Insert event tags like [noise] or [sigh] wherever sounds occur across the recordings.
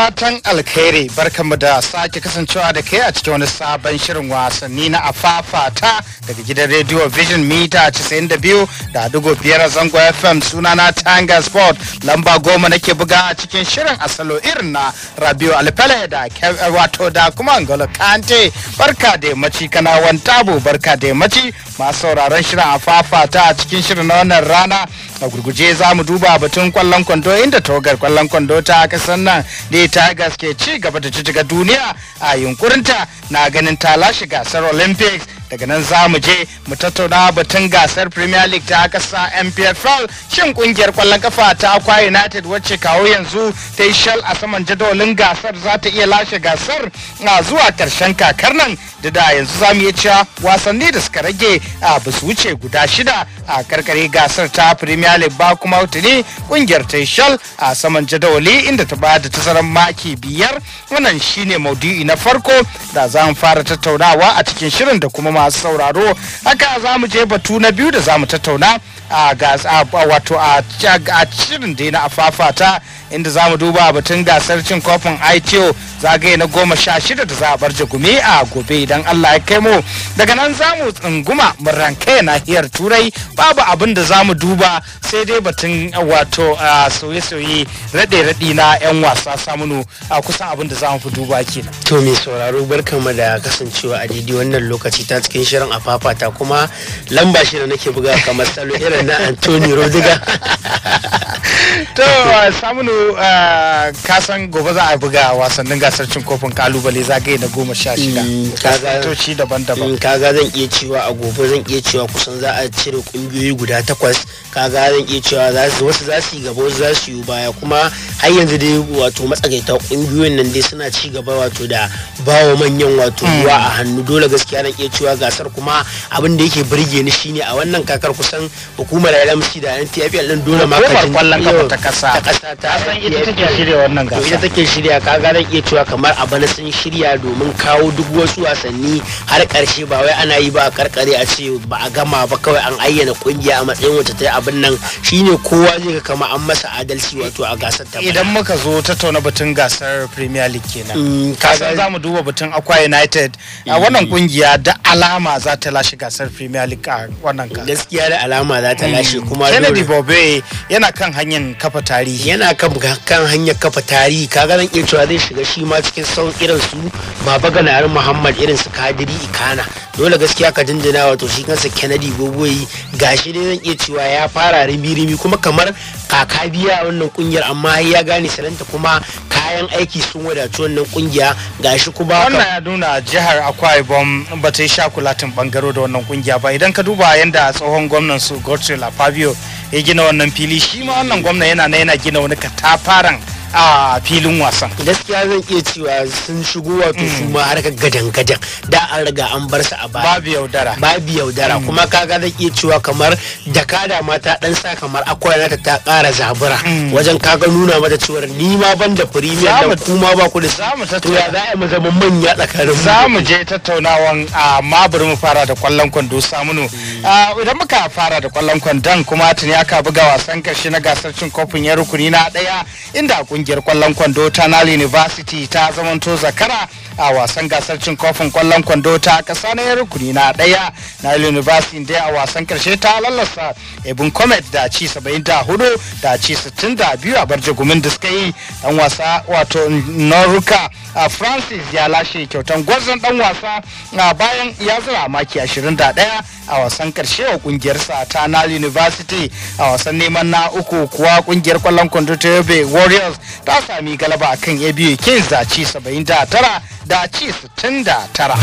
fatan alkhairi barkanmu da sake kasancewa da kai a cikin wani sabon shirin wasanni na afafata daga gidan radio vision mita 92 da dugo biyar zango fm sunana tanga sport lamba goma nake buga a cikin shirin asalo irin na rabiu alfale da wato da kuma angola kante barka da yammaci kana wantabo barka da yammaci masu sauraron shirin a fafata a cikin shirin na wannan rana a gurguje za mu duba batun kwallon kwando inda tawagar kwallon kwando ta kasan nan da tigers ke ci gaba da jijjiga duniya a yunkurinta na ganin ta lashe gasar olympics daga nan za mu je mu tattauna batun gasar premier league ta kasa mpfl shin kungiyar kwallon kafa ta akwa united wacce kawo yanzu ta yi shal a saman jadawalin gasar za ta iya lashe gasar na zuwa karshen kakar nan da da yanzu za mu iya cewa wasanni da suka rage a ba wuce guda shida a karkare gasar ta premier league ba kuma ne kungiyar ta yi shal a saman jadawali inda ta bada tazarar maki biyar wannan shine maudu'i na farko da za mu fara tattaunawa a cikin shirin da kuma masu sauraro haka za mu je batu na biyu da za mu tattauna a wato a cirin da na afafata inda za mu duba batun gasar cin kofin ITO zagaye na goma sha shida da za a bar jagumi a gobe idan Allah ya kai mu daga nan za mu tsunguma mu ranke nahiyar turai babu abin da za mu duba sai dai batun uh, wato uh, sauye-sauye raɗe-raɗi na 'yan wasa samunu a kusan abin da za mu fi duba kenan. To mai sauraro barkanmu da kasancewa a didi wannan lokaci ta cikin shirin a fafata kuma lamba shi da nake buga kamar salo irin na Antonio Rodiga. [laughs] To uh, samunu Eh, kasan gobe za a buga wasannin gasar cin kofin kalubale zagaye na goma sha shida mm, kasantoci daban-daban mm, kaga zan iya cewa a gobe zan iya cewa kusan za a cire kungiyoyi guda takwas kaga zan iya cewa wasu za su yi gaba wasu za su yi baya kuma har yanzu dai wato matsakaita kungiyoyin nan dai suna ci gaba wato da bawa manyan wato mm. ruwa a hannu dole gaskiya na iya cewa gasar kuma abin da yake burge ni shine a wannan kakar kusan hukumar LMC da NTFL din dole ma ka ta kasa ta kasa san ita take shirya wannan gasa ita take shirya ga zan iya cewa kamar a bana sun shirya domin kawo duk wasu wasanni har karshe ba wai ana yi ba a karkare a ce ba a gama ba kawai an ayyana kungiya a matsayin wacce ta yi abin nan shine kowa zai ga kama an masa adalci wato a gasar ta idan muka zo tattauna batun gasar Premier League kenan mm, kaga za mu duba batun Akwa United a wannan kungiya mm. da alama za ta lashe gasar Premier League a wannan gaskiya da alama za ta mm. lashe kuma Kennedy Bobe yana kan hanyar kafa tarihi yana kan ga kan hanyar kafa tarihi kaga zan iya cewa zai shiga shi ma cikin son irin su baba ganar muhammad irin su kadiri ikana dole gaskiya ka dindina wato shi kansa kennedy gogoyi gashi dai zan iya cewa ya fara rimi-rimi kuma kamar kaka biya wannan kungiyar amma ya gane salanta kuma kayan aiki sun wadaci wannan kungiya gashi kuma wannan ya nuna jihar akwa ibom ba ta yi shakulatin bangaro da wannan kungiya ba idan ka duba yadda tsohon gwamnan su godswill fabio ya gina wannan fili shi ma wannan gwamna yana na yana gina wani katafaren a filin wasan gaskiya zan iya cewa sun shigo wato su hmm. ma harkar gadan gadan da an riga an bar su a baya babu yaudara babu yaudara hmm. kuma kaga zan iya cewa kamar jakada ma ta dan sa kamar akwai ta ta kara zabura hmm. wajen kaga nuna mata cewa ni ma ban da premier da kuma ba ku da zamu ya za mu zama manya tsakanin za mu je tattaunawan amma bari mu fara da kwallon kwando samunu idan muka fara da kwallon kwandon kuma tuni aka buga wasan karshe na gasar cin kofin yarukuni rukuni na daya inda kungiyar kwallon kwando ta nile university ta zamanto zakara a wasan gasar cin kofin kwallon kwando ta kasa na rukuni na daya na university dai a wasan karshe ta lallasa ebin comet da ci 74 da ci 62 a bar jagumin da suka yi dan wasa wato noruka francis ya lashe kyautan gwazon dan wasa a bayan ya zara maki 21 a wasan karshe wa kungiyarsa ta nal university a wasan neman na uku kuwa kungiyar kwallon kwando ta yobe warriors ta sami galaba akan abu kings da ci 79 da ci 69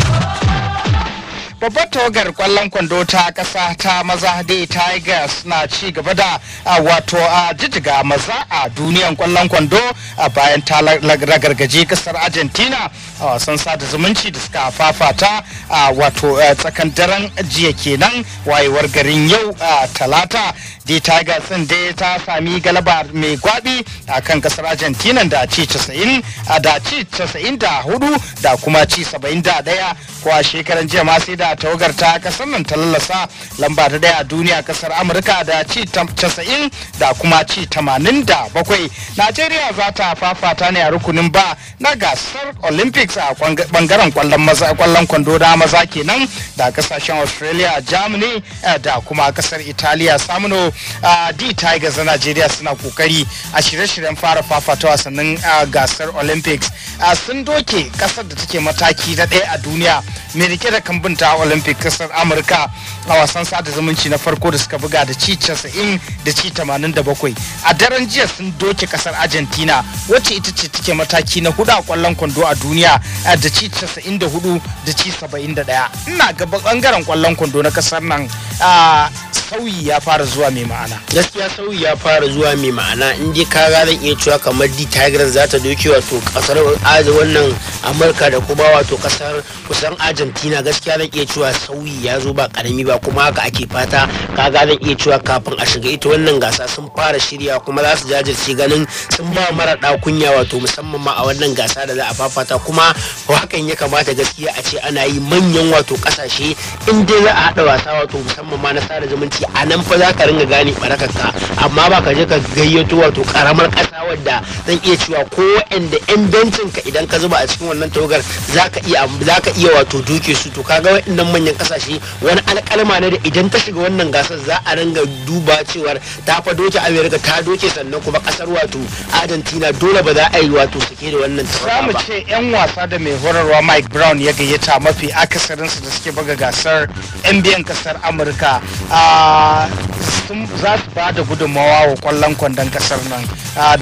babbar tawagar kwallon kwando ta kasa ta maza dai tigers na ci gaba da wato a jijiga maza a duniyan kwallon kwando a bayan ta ragargaje kasar argentina a wasan sada zumunci da suka fafata a wato tsakan daren jiya kenan wayewar garin yau a talata the tigers din dai ta sami galaba mai gwabi a kan kasar argentina da ci 90 da ci 94 da kuma ci 71 ko a shekaran jiya ma sai da tawagar ta kasar nan ta lallasa lamba ta daya a duniya kasar amurka da ci 90 da kuma ci 87 najeriya za ta fafata ne a rukunin ba na gasar olympics a bangaren kwallon kwando da maza kenan da kasashen australia germany eh, da kuma kasar italia samuno d tigers na najeriya suna kokari a shirye-shiryen fara fafata wasannin gasar olympics sun doke kasar da take mataki na ɗaya a duniya mai rike da binta olympic kasar amurka a wasan sada zumunci na farko da suka buga da ci 90 da ci 87 a daren jiya sun doke kasar argentina wacce ita ce take mataki na hudu a kwallon kwando a duniya da ci 94 da ci 71 ina gaba bangaren kwallon kwando na kasar nan sauyi ya fara zuwa mai ma'ana gaskiya sauyi ya fara zuwa mai ma'ana in dai ka ga zan iya cewa kamar di tigers za ta doke wato kasar aji wannan amurka da kuma wato kasar kusan argentina gaskiya zan iya cewa sauyi ya zo ba karami ba kuma haka ake fata ka ga zan iya cewa kafin a shiga ita wannan gasa sun fara shirya kuma za su jajirce ganin sun ba mara kunya wato musamman ma a wannan gasa da za a fafata kuma hakan ya kamata gaskiya a ce ana yi manyan wato kasashe in dai za a haɗa wasa wato musamman ma na sada zumunci a nan fa za ka ringa misali ka amma ba ka je ka gayyato wato karamar kasa wadda zan iya cewa ko wa'anda yan bencin ka idan ka zuba a cikin wannan tawagar ka iya ka iya wato duke su to kaga wa'annan manyan kasashe wani alƙalma ne da idan ta shiga wannan gasar za a ringa duba cewar ta fa doke America ta doke sannan kuma kasar wato Argentina dole ba za a yi wato suke da wannan tawagar ba. Za mu ce 'yan wasa da mai horarwa Mike Brown ya gayyata mafi akasarinsu da suke buga gasar 'yan kasar Amurka. Ah, sun zasu za su ba da gudunmawa wa kwallon kwandon kasar nan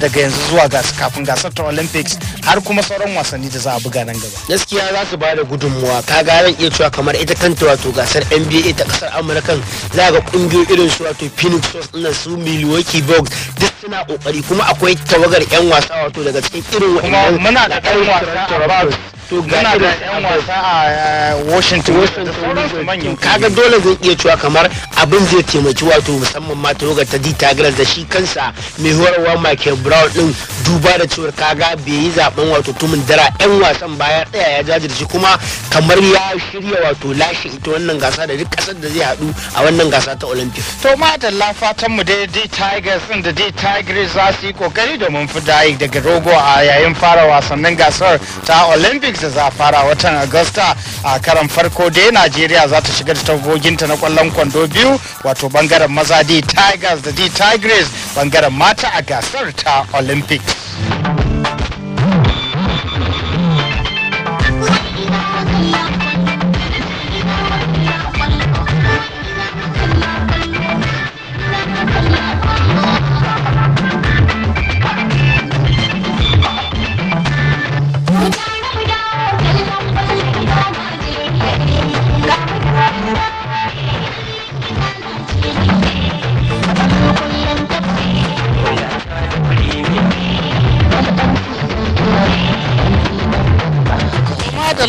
daga yanzu zuwa kafin gasar ta olympics har kuma sauran wasanni da za a buga nan gaba gaskiya za su ba da gudunmawa ka ga ran iya cewa kamar ita kanta wato gasar nba ta kasar amurka za ga kungiyoyi irin su wato phoenix suns su milwaukee bucks duk suna kokari kuma akwai tawagar yan wasa wato daga cikin irin wa'annan muna da ɗan wasa to gana da yan wasa a eh, washington washington kaga dole zai iya cewa kamar abin zai taimaki wato musamman ma yoga ta dita da shi kansa mai horarwa michael brown din duba da cewar kaga bai yi zaben wato tumin dara yan wasan baya tsaya ya jajirce kuma kamar ya shirya wato lashe ita wannan gasa da duk kasar da zai haɗu a wannan gasa ta olympics to ma da lafatan mu da d tigers din da d tigers za su yi kokari domin fidda daga rogo a yayin fara wasannin gasar ta olympics olympics da za a fara watan agusta a karan farko dai najeriya za ta shiga da tagoginta na kwallon kwando biyu wato bangaren maza d tigers da d tigers bangaren mata a gasar ta olympics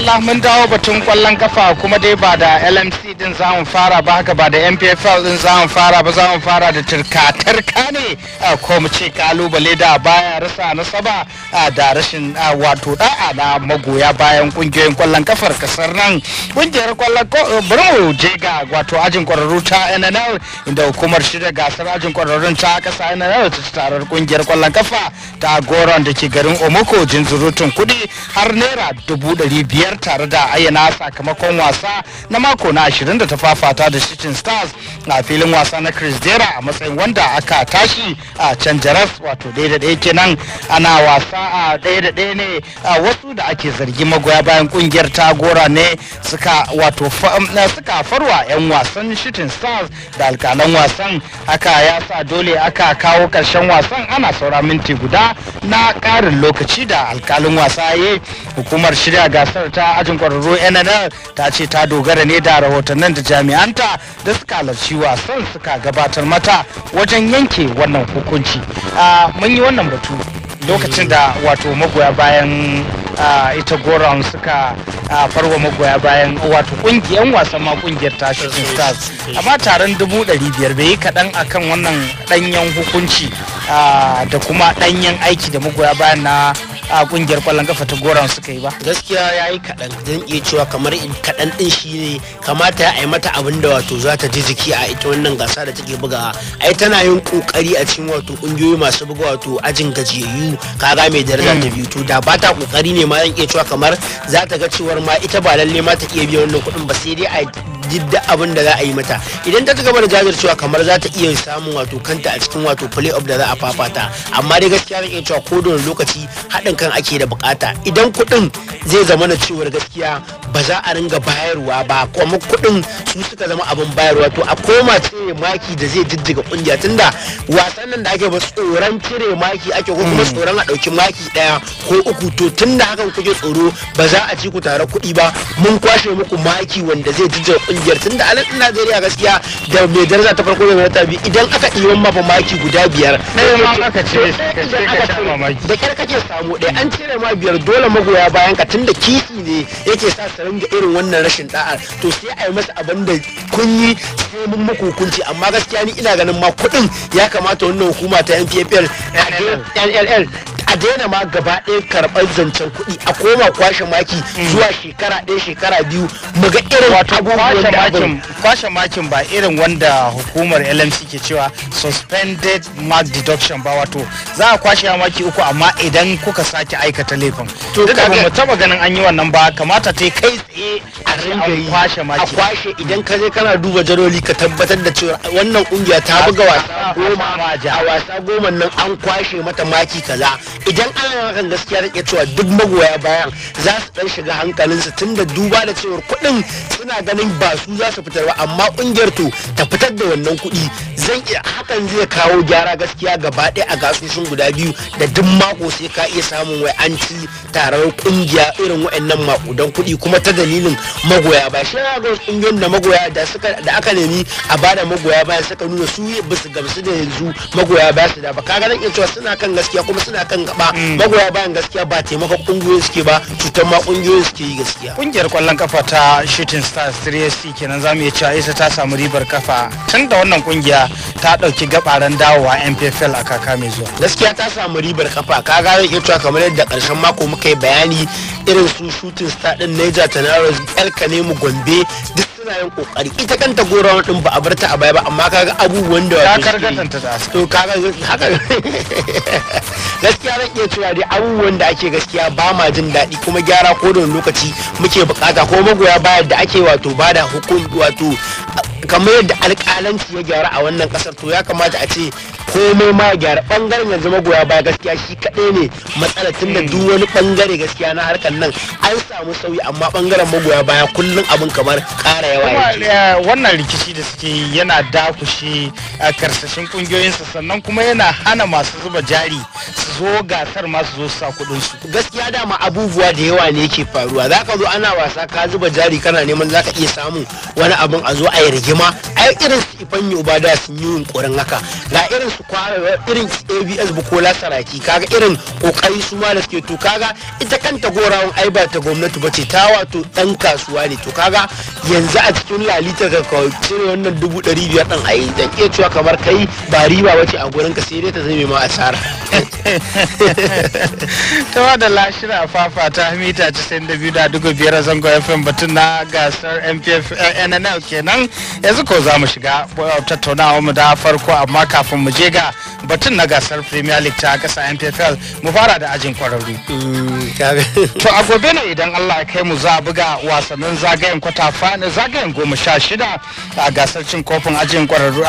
Allah mun dawo batun kwallon kafa kuma dai ba da LMC din zamu fara ba haka ba da MPFL din zamu fara ba zamu fara da turka-turka ne ah, ko mu ce kalubale da baya rasa nasaba ah, da rashin ah, wato da'a na magoya bayan kungiyoyin kwallon kafar kasar nan kungiyar kwallon eh, bari mu je ga wato ajin kwararru ta NNL inda hukumar shirya gasar ajin kwararrun ta kasa NNL ta tarar kungiyar kwallon kafa ta goron da ke garin Omoko jinzurutun kudi har naira dubu ɗari biyar tare da ayyana sakamakon wasa na mako na 20 da ta fafata da shitin Stars a filin wasa na Chris Dera a matsayin wanda aka tashi a canjaras, Jaras wato ɗaya da ɗaya kenan ana wasa a ɗaya da ɗaya ne A wasu da ake zargi magoya bayan kungiyar ta gora ne suka wato um, suka farwa 'yan wasan shitin Stars da alkalan wasan haka ya sa dole aka kawo karshen wasan ana saura minti guda na ƙarin lokaci da alkalin wasa ya yi hukumar shirya gasar ta ajin kwararru nnl ta ce ta dogara ne da rahotannin da jami'anta da suka halarci wasan suka gabatar mata wajen yanke wannan hukunci mun yi wannan batu lokacin da wato magoya bayan ita goron suka farwa magoya bayan wato kungiyan wasan ma kungiyar ta shooting stars amma taron dubu ɗari biyar bai yi kaɗan akan wannan ɗanyen hukunci da kuma ɗanyen aiki da magoya bayan na a kungiyar kwallon kafa ta goron suka yi ba gaskiya ya yi kaɗan zan iya cewa kamar in kaɗan ɗin shi ne kamata a yi mata abin da wato za ta ji jiki a ita wannan gasa da take bugawa ai tana yin kokari a cikin wato kungiyoyi masu buga wato ajin gajiyayyu kaga mai daraja ta biyu to da ba ta kokari ne ma zan iya cewa kamar za ta ga cewar ma ita ba lalle ma ta iya biyan wannan kuɗin ba sai dai a duk abin da za a yi mata idan ta gaba da jajircewa kamar za ta iya samun wato kanta a cikin wato play off da za a fafata amma dai gaskiya zan iya cewa ko da lokaci haɗin kan ake da bukata idan kuɗin zai zama na cewar gaskiya ba za a ringa bayarwa ba kuma kuɗin su suka zama abin bayarwa to a koma cire maki da zai jijjiga kungiya tunda wasan nan da ake ba tsoron cire maki ake ko kuma mm. tsoron a ɗauki maki ɗaya ko uku to tunda hakan kuke tsoro ba za a ci ku tare kuɗi ba mun kwashe muku maki wanda zai jijjiga biyar tunda a nan Najeriya gaskiya da mai daraja ta farko da mai ta biyu idan aka ɗiban mafa mamaki guda biyar. Da kyar kake samu ɗaya an cire ma biyar dole magoya bayan ka da kisi ne yake sa su ringa irin wannan rashin da'a to sai a yi masa abin da kunyi yi sai mun maku hukunci amma gaskiya ni ina ganin ma kuɗin ya kamata wannan hukuma ta nppl NLL a daina ma gaba ɗaya karɓar zancen kuɗi a koma kwashe maki zuwa shekara ɗaya shekara biyu ga irin wato kwashe makin ba irin wanda hukumar LMC ke cewa suspended mark deduction ba wato za a kwashe maki uku amma idan kuka sake aikata laifin to da ba mu taba ganin an yi wannan ba kamata ta kai tsaye a ringa kwashe maki a kwashe idan ka je kana duba jaroli ka tabbatar da cewa wannan kungiya ta buga wasa goma a wasa goma nan an kwashe mata maki kaza idan ana hakan gaskiya da cewa duk magoya bayan za su dan shiga hankalinsu tunda duba da cewar kuɗin suna ganin ba su za su fitar ba amma ƙungiyar to ta fitar da wannan kuɗi zan iya hakan zai kawo gyara gaskiya gaba ɗaya a gasusun guda biyu da duk mako sai ka iya samun wai an ci tarar ƙungiya irin wa'annan makudan kuɗi kuma ta dalilin magoya ba shi na ga da magoya da suka da aka nemi a bada magoya bayan suka nuna su ba gamsu da yanzu magoya ba su da ba kaga nan iya cewa suna kan gaskiya kuma suna kan gaba magoya bayan gaskiya ba taimaka kungiyoyin suke ba cutar ma kungiyoyin suke yi gaskiya kungiyar kwallon kafa ta shooting stars 3sc kenan zamu iya cewa isa ta samu ribar kafa tun da wannan kungiya ta dauki gabaran dawowa mpfl a kaka mai zuwa gaskiya ta samu ribar kafa ka gano ke cewa kamar yadda karshen mako muka yi bayani irin su shooting star din Niger Tanaros mu Gombe duk tana yin kokari ita kanta gora wani ba a bar ta a baya ba amma kaga abubuwan da wato ta to kaga haka gaskiya zan iya cewa dai abubuwan da ake gaskiya ba ma jin daɗi kuma gyara ko da lokaci muke bukata ko magoya baya da ake wato bada hukum wato kamar yadda alƙalanci ya gyara a wannan ƙasar to ya kamata a ce komai ma ya gyara ɓangaren yanzu magoya baya gaskiya shi kaɗai ne matsala tun da duk wani ɓangare gaskiya na harkar nan an samu sauyi amma ɓangaren magoya baya kullum abin kamar ƙara yawa ya eh, wannan rikici da suke yana dakushe a eh, karsashin ƙungiyoyinsa sannan kuma yana hana masu zuba jari su zo gasar masu zo sa kuɗin su gaskiya dama abubuwa da yawa ne ke faruwa za ka zo ana wasa ka zuba jari kana neman za ka iya samun wani abin a zo a yi rigima Kuma ai irin su ifan yoba da sun yi yunkurin haka ga irin su kwara irin abs bukola saraki kaga irin kokari su ma da suke to kaga ita kanta gorawa, ai ba ta gwamnati ba ce ta wato dan kasuwa ne to kaga yanzu a cikin lalita ka cire wannan dubu ɗari biyar ɗin a yi dan iya cewa kamar kai ba riba ba a gurin ka sai dai ta zame ma asara. [laughs] ta da lashira fafa ta mita 92 da dubu biyar zango fm batun na gasar nnl eh, kenan yanzu ko za mu shiga tattaunawa mu da farko amma kafin mu je ga batun na gasar premier league ta kasa mpfl mu fara da ajin kwararru mm, [laughs] to a gobe ne idan allah kai mu za a buga wasannin zagayen kwata fana zagayen goma sha shida a gasar cin kofin ajin kwararru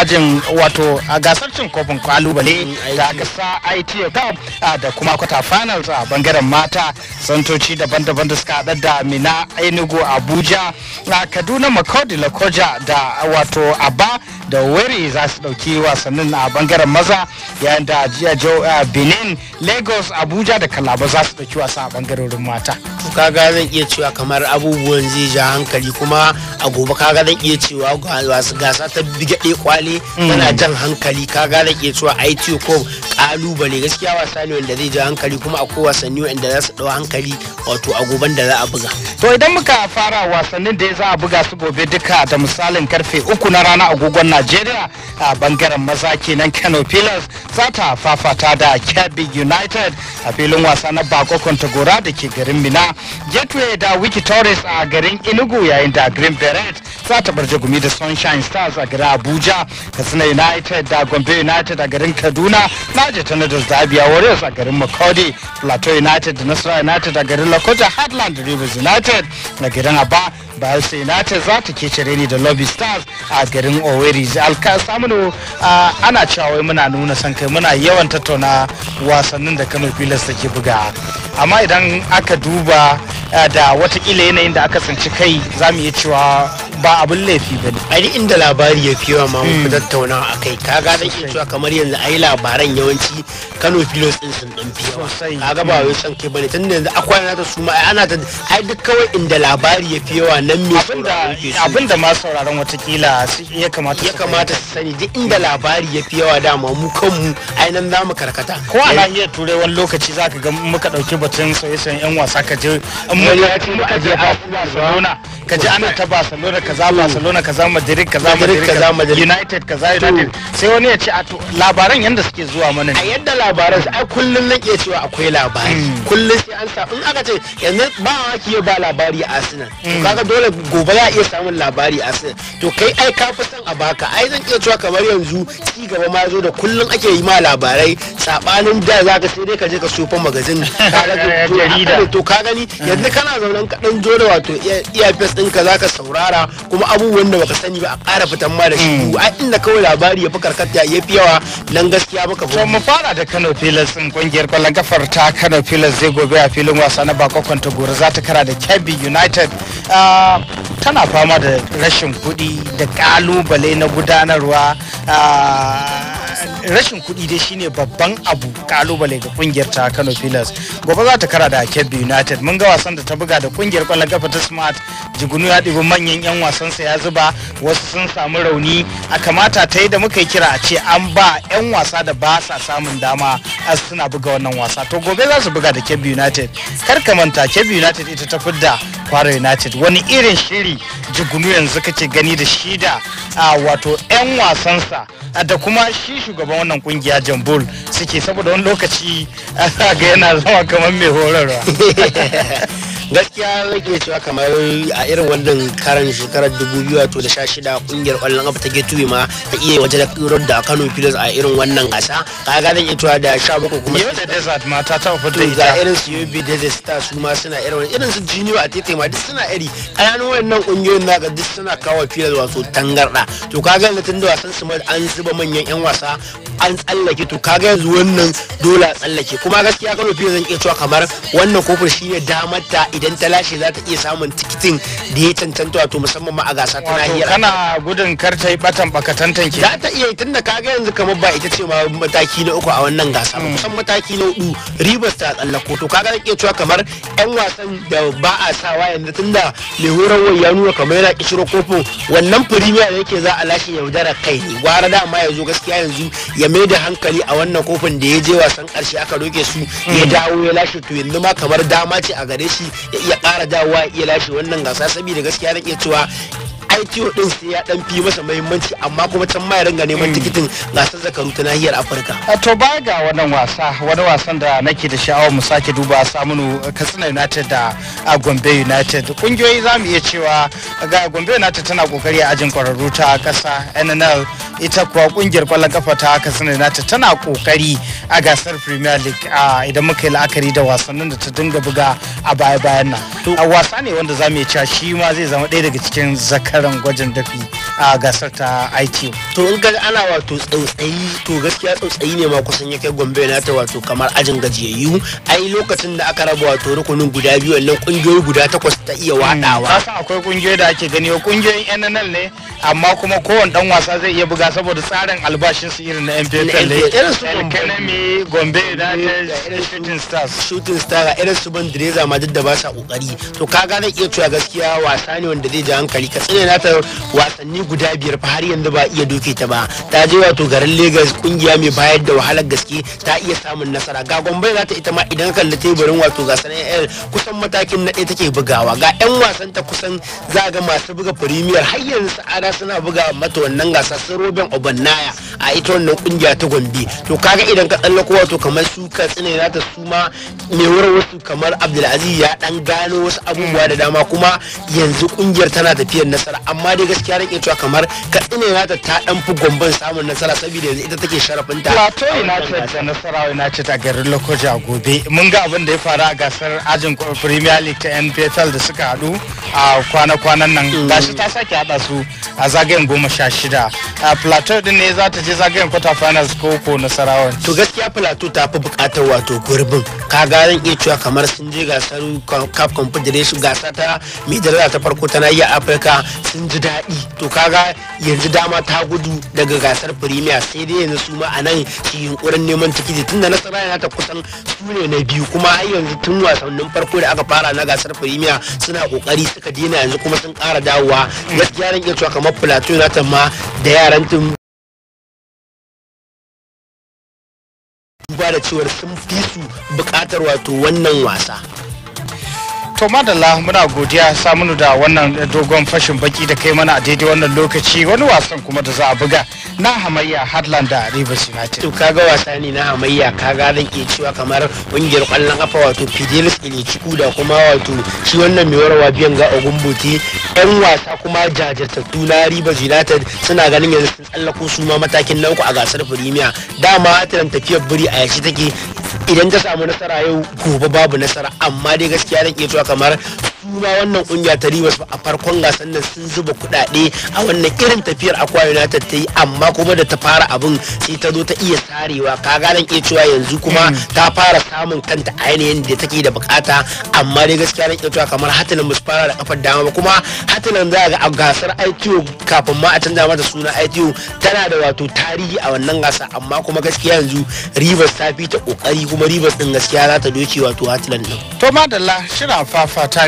ajin wato a gasar cin kofin kalubale da gasa ita cup da kuma kwata finals a bangaren mata santoci daban-daban da suka haɗar da mina enugu abuja a kaduna makaudi lakoji Abuja da wato Aba da Wari za su dauki wasannin a bangaren maza yayin da jiya eh, Benin Lagos Abuja da Kalaba za su dauki wasa a bangarorin mata. kaga zan iya cewa kamar abubuwan zai ja hankali kuma a gobe kaga zan iya cewa wasu gasa ta bigaɗe kwale tana mm. jan hankali kaga zan iya cewa ITO ko kalubale gaskiya wasa ne wanda zai ja hankali kuma akwai wasanni wanda za su ɗau hankali wato a goben da za a buga. To idan muka fara wasannin da za a buga su gobe duka da misalin karfe uku na rana agogon najeriya a bangaren maza kenan kano pillars za ta fafata da kebbi united a filin wasa na bako kontagora da ke garin mina gateway da wiki torres a garin inugu yayin da green beret za ta bar jagumi da sunshine stars a garin abuja katsina united da gombe united a garin kaduna naje tana da abia warriors a garin makodi plateau united da Nasarawa united a garin lakota heartland rivers united na garin aba bayelsa united za ta kece reni da lobby stars a garin oweri alka samuno ana cewa muna nuna san kai muna yawan tattauna wasannin da kano pilas take buga amma idan aka duba eh, da watakila yanayin da aka tsinci kai za mu iya cewa ba abun laifi ba ne Ai inda labari ya fi yawa ma mu hmm. tattauna a kai ka ga zan iya cewa kamar yanzu a yi labaran yawanci kano filos din sun dan fi yawa kaga ba wai san kai bane tunda yanzu akwai na ta su ma ana ta ai duk kawai inda labari ya fi yawa nan me abinda da ma sauraron watakila ya kamata ya kamata su sani duk inda hmm. labari ya fi yawa dama mu kanmu ai nan za mu karkata ko a nahiyar turai wani lokaci za ka ga muka dauki batun sauye-sauyen yan wasa ka je in muka je Barcelona ka je ana ta Barcelona kaza Barcelona kaza Madrid kaza Madrid kaza United kaza United sai wani ya ce a to labaran yanda suke zuwa mana a yadda labaran ai kullun nan cewa akwai labari hmm. kullun sai an sa in aka ce yanzu ba ki ba labari a Arsenal to hmm. kaga dole gobe za a iya samun labari a Arsenal to kai ai ka fi son a baka ai zan iya cewa kamar yanzu ci gaba ma zo da kullun ake yi ma labarai sabanin da zaka sai dai ka je ka sofa magazin ka ga [laughs] eh, to ka gani yanzu kana zaunan kaɗan dole wato iya fes za zaka saurara kuma abubuwan da baka sani ba a ƙara fitan ma da shi hmm. a inda kawai labari ya fi karkata ya fi yawa nan gaskiya baka fi. mu fara da Kano Pilas din kungiyar kwallon kafar ta Kano Pilas zai gobe a filin wasa na Bakokon gora za ta kara da Kebbi United ah, tana fama da rashin kuɗi da ƙalubale na gudanarwa ah, rashin kuɗi dai shine babban abu kalubale ga kungiyar ta Kano Pillars. Gobe za ta kara da Kebbi United. Mun ga wasan da ta buga da kungiyar kwallon kafa ta Smart. Jigunu ya ɗibi manyan 'yan wasansa ya zuba wasu sun samu rauni. A kamata ta yi da muka yi kira a ce an ba 'yan wasa da ba sa samun dama suna buga wannan wasa. To gobe za su buga da Kebbi United. Kar ka manta Kebbi United ita ta fidda Kwara United. Wani irin shiri jigunu yanzu kake gani da shida a wato 'yan wasansa da kuma shi shugaban wannan kungiya jambul suke saboda wani lokaci ga yana zama kamar mai horarwa [laughs] gaskiya zai cewa kamar a irin wannan karan shekarar dubu biyu wato da sha shida kungiyar kwallon kafa ta getube ma ta iya waje da kurar da kano pilas a irin wannan gasa kaga zan iya da sha bakwai kuma yau da desert ma ta ta fita ita irin su yobe desert ta su ma suna irin irin su junior a tete ma duk suna iri ƙananun wannan kungiyoyin naka duk suna kawo pilas wato tangarda to ka ga tun da wasan su an zuba manyan yan wasa an tsallake to kaga yanzu wannan dole a tsallake kuma gaskiya kano pilas zan iya cewa kamar wannan kofar ne damar ta idan ta lashe za ta iya samun tikitin da ya cancanta wato musamman ma a gasa ta nahiyar kana gudun kar ta yi batan bakatantan ke za ta iya tun da kaga yanzu kamar ba ita ce ma mataki na uku a wannan gasa ba mm. kusan mataki na hudu ribas ta tsallako to kaga zan iya cewa kamar yan wasan da ba a sawa yanzu tun da mai wai ya nuna kamar yana kishiro kofin wannan firimiya da yake za a lashe yaudara kai ne gwara dama ya yanzu gaskiya yanzu ya mai da hankali a wannan kofin da ya je wasan karshe aka doke su ya mm. dawo ya lashe to yanzu ma kamar dama ce a gare shi ya iya ƙara dawowa ya lashe wannan gasa saboda gaskiya zan iya cewa ai kiwo din sai ya dan fi masa muhimmanci amma kuma can ma ya ringa neman mm. tikitin gasar zakaru ta nahiyar afirka to baya ga wannan wasa wani wasan da nake da sha'awar mu sake duba samunu katsina united da gombe united kungiyoyi za mu iya cewa ga gombe united tana kokari a ajin kwararru ta kasa nnl ita kuwa kungiyar kwallon kafa ta katsina united tana kokari a gasar premier league idan muka yi la'akari da wasannin da ta dinga buga a baya-bayan nan wasa ne wanda za mu iya cewa shi ma zai zama ɗaya daga cikin zakar irin gwajin dafi a gasar ta IQ. To in ga ana wato tsautsayi to gaskiya tsautsayi ne ma kusan ya kai Gombe na ta wato kamar ajin gajiyayyu ai lokacin da aka raba wato rukunin guda biyu wannan kungiyoyi guda takwas ta iya wadawa. Hmm. Kasan akwai kungiyoyi da ake gani kungiyoyin NNL ne amma kuma kowane dan wasa zai iya buga saboda tsarin albashin su irin na NPFL ne. Irin su Gombe da Shooting Stars. Shooting Stars irin su Bandireza ma duk da ba sa kokari to kaga zai iya cewa gaskiya wasa ne wanda zai ja hankali ka tsine na bukatar wasanni guda biyar fa har yanzu ba iya doke ta ba ta je wato garin Legas kungiya mai bayar da wahalar gaske ta iya samun nasara ga Gombe za ta ita ma idan kalli teburin wato gasar NL kusan matakin na take bugawa ga 'yan wasan ta kusan za ga masu buga Premier har yanzu sa'ada suna buga mata wannan gasa sun Robin Obannaya a ita wannan kungiya ta Gombe to kaga idan ka tsallako wato kamar su Katsina za ta suma mai wurin wasu kamar Abdulaziz ya dan gano wasu abubuwa da dama kuma yanzu kungiyar tana tafiyar nasara amma dai gaskiya rike cewa kamar ina united ta dan fi gomban samun nasara saboda yanzu ita take sharafin ta wato ce da nasara ce ta garin lokoja gobe mun ga abin da ya faru a gasar ajin premier league ta npfl da suka hadu a kwana-kwanan nan mm. gashi ta sake hada su a zagayen goma sha shida plateau din ne za ta je zagayen kwata finals ko ko nasarawan to gaskiya plateau ta fi bukatar wato gurbin ka garin iya cewa kamar sun je gasar cup confederation gasa ta mai ta farko ta nahiyar afirka sun ji daɗi to kaga yanzu dama ta gudu daga gasar premier sai dai yanzu su a nan su yunkurin neman tikiti tunda nasara yana ta kusan su ne na biyu kuma har yanzu tun wasannin farko da aka fara na gasar premier suna kokari suka daina yanzu kuma sun ƙara dawowa gaskiya ran iya cewa kamar plateau ta ma da yaran tun duba da cewar sun fi su bukatar wato wannan wasa to madalla muna godiya samunu da wannan dogon fashin baki da kai mana a daidai wannan lokaci wani wasan kuma da za a buga na hamayya hadland da rivers united to kaga wasa ne na hamayya kaga zan iya cewa kamar kungiyar kwallon kafa wato fidelis iliciku da kuma wato shi wannan mai warwa biyan ga buti yan wasa kuma jajirtattu na rivers united suna ganin yanzu sun tsallako su ma matakin na uku a gasar firimiya dama tiran tafiyar biri a yashi take idan ta samu nasara yau gobe babu nasara amma dai gaskiya zan iya cewa हमारे suna wannan kungiya ta Rivers a farkon gasar nan sun zuba kudade a wannan irin tafiyar akwa United ta yi amma kuma da ta fara abin sai ta zo ta iya sarewa ka gane iya cewa yanzu kuma hmm. ta fara samun kanta a yanayin da take da bukata amma dai gaskiya na iya cewa kamar ba musu fara da kafar dama ba kuma hatunan za ga a gasar ITO kafin ma a canza mata suna ITO tana da wato tarihi a wannan gasa amma kuma gaskiya yanzu Rivers ta fi ta kokari kuma Rivers din gaskiya za ta doce wato hatanan din to madalla shirin fafa ta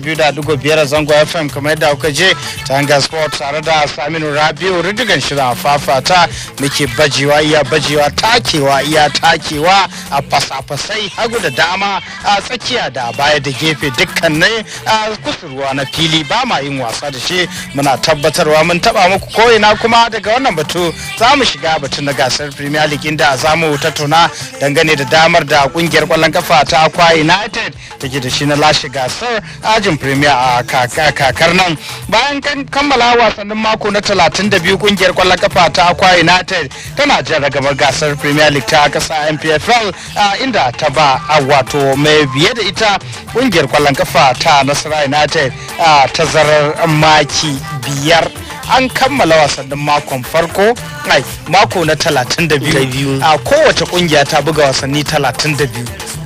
mita 92.5 zango fm kamar yadda kuka je ta hanga sport tare da saminu rabiu rudigan shirin fafata muke bajewa iya bajewa takewa iya takewa a fasafasai hagu da dama a tsakiya da baya da gefe dukkan ne a kusurwa na fili ba ma yin wasa da shi muna tabbatarwa mun taba muku ko'ina kuma daga wannan batu za mu shiga batu na gasar premier league inda za mu tattauna dangane da damar da kungiyar kwallon kafa ta akwa united take da shi na lashe gasar ajin premier a kakar nan bayan kammala wasannin mako na 32 kungiyar kwallon kafa ta akwa united tana jin ragamar gasar premier league ta kasa mpfl inda ta ba a wato mai biye da ita kungiyar kwallon kafa ta nasara united a tazarar maki biyar an kammala wasannin makon farko ai mako na 32 a kowace kungiya ta buga wasanni 32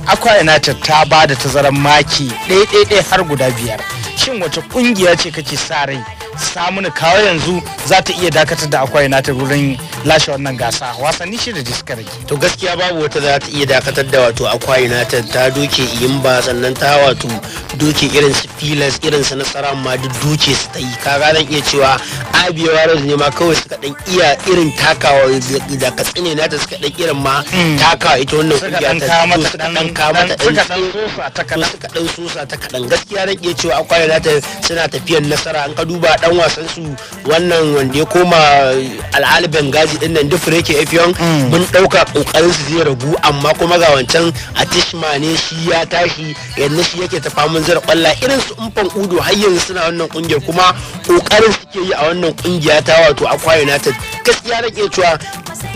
akwa united ta ba da tazarar maki ɗaya har guda biyar shin wace kungiya ce kake sa rai samuna kawai yanzu za ta iya dakatar da akwai na ta wurin lashe wannan gasa wasanni shida da suka rage to gaskiya babu wata za ta iya dakatar da wato akwai na ta ta doke yimba sannan ta wato doke irin su filas irin su nasara ma duk doke su ta yi ga zan iya cewa abiya warriors ne ma kawai suka dan iya irin takawa da na ta suka dan irin ma mm. takawa ita wannan kungiya ta suka dan kama ta suka dan sosa ta kadan suka dan sosa ta kadan gaskiya zan iya cewa akwai na ta suna tafiyar nasara an ka duba yan wasan su wannan wanda ya koma al'ali bengazi din nan duk fureke efiyon mm. mun ɗauka kokarin su zai ragu amma kuma ga wancan atishma ne shi ya tashi yanzu shi yake ta mun zira kwalla irin su umfan udo har yanzu suna wannan kungiyar kuma kokarin suke yi a wannan kungiya ta wato akwa united gaskiya nake cewa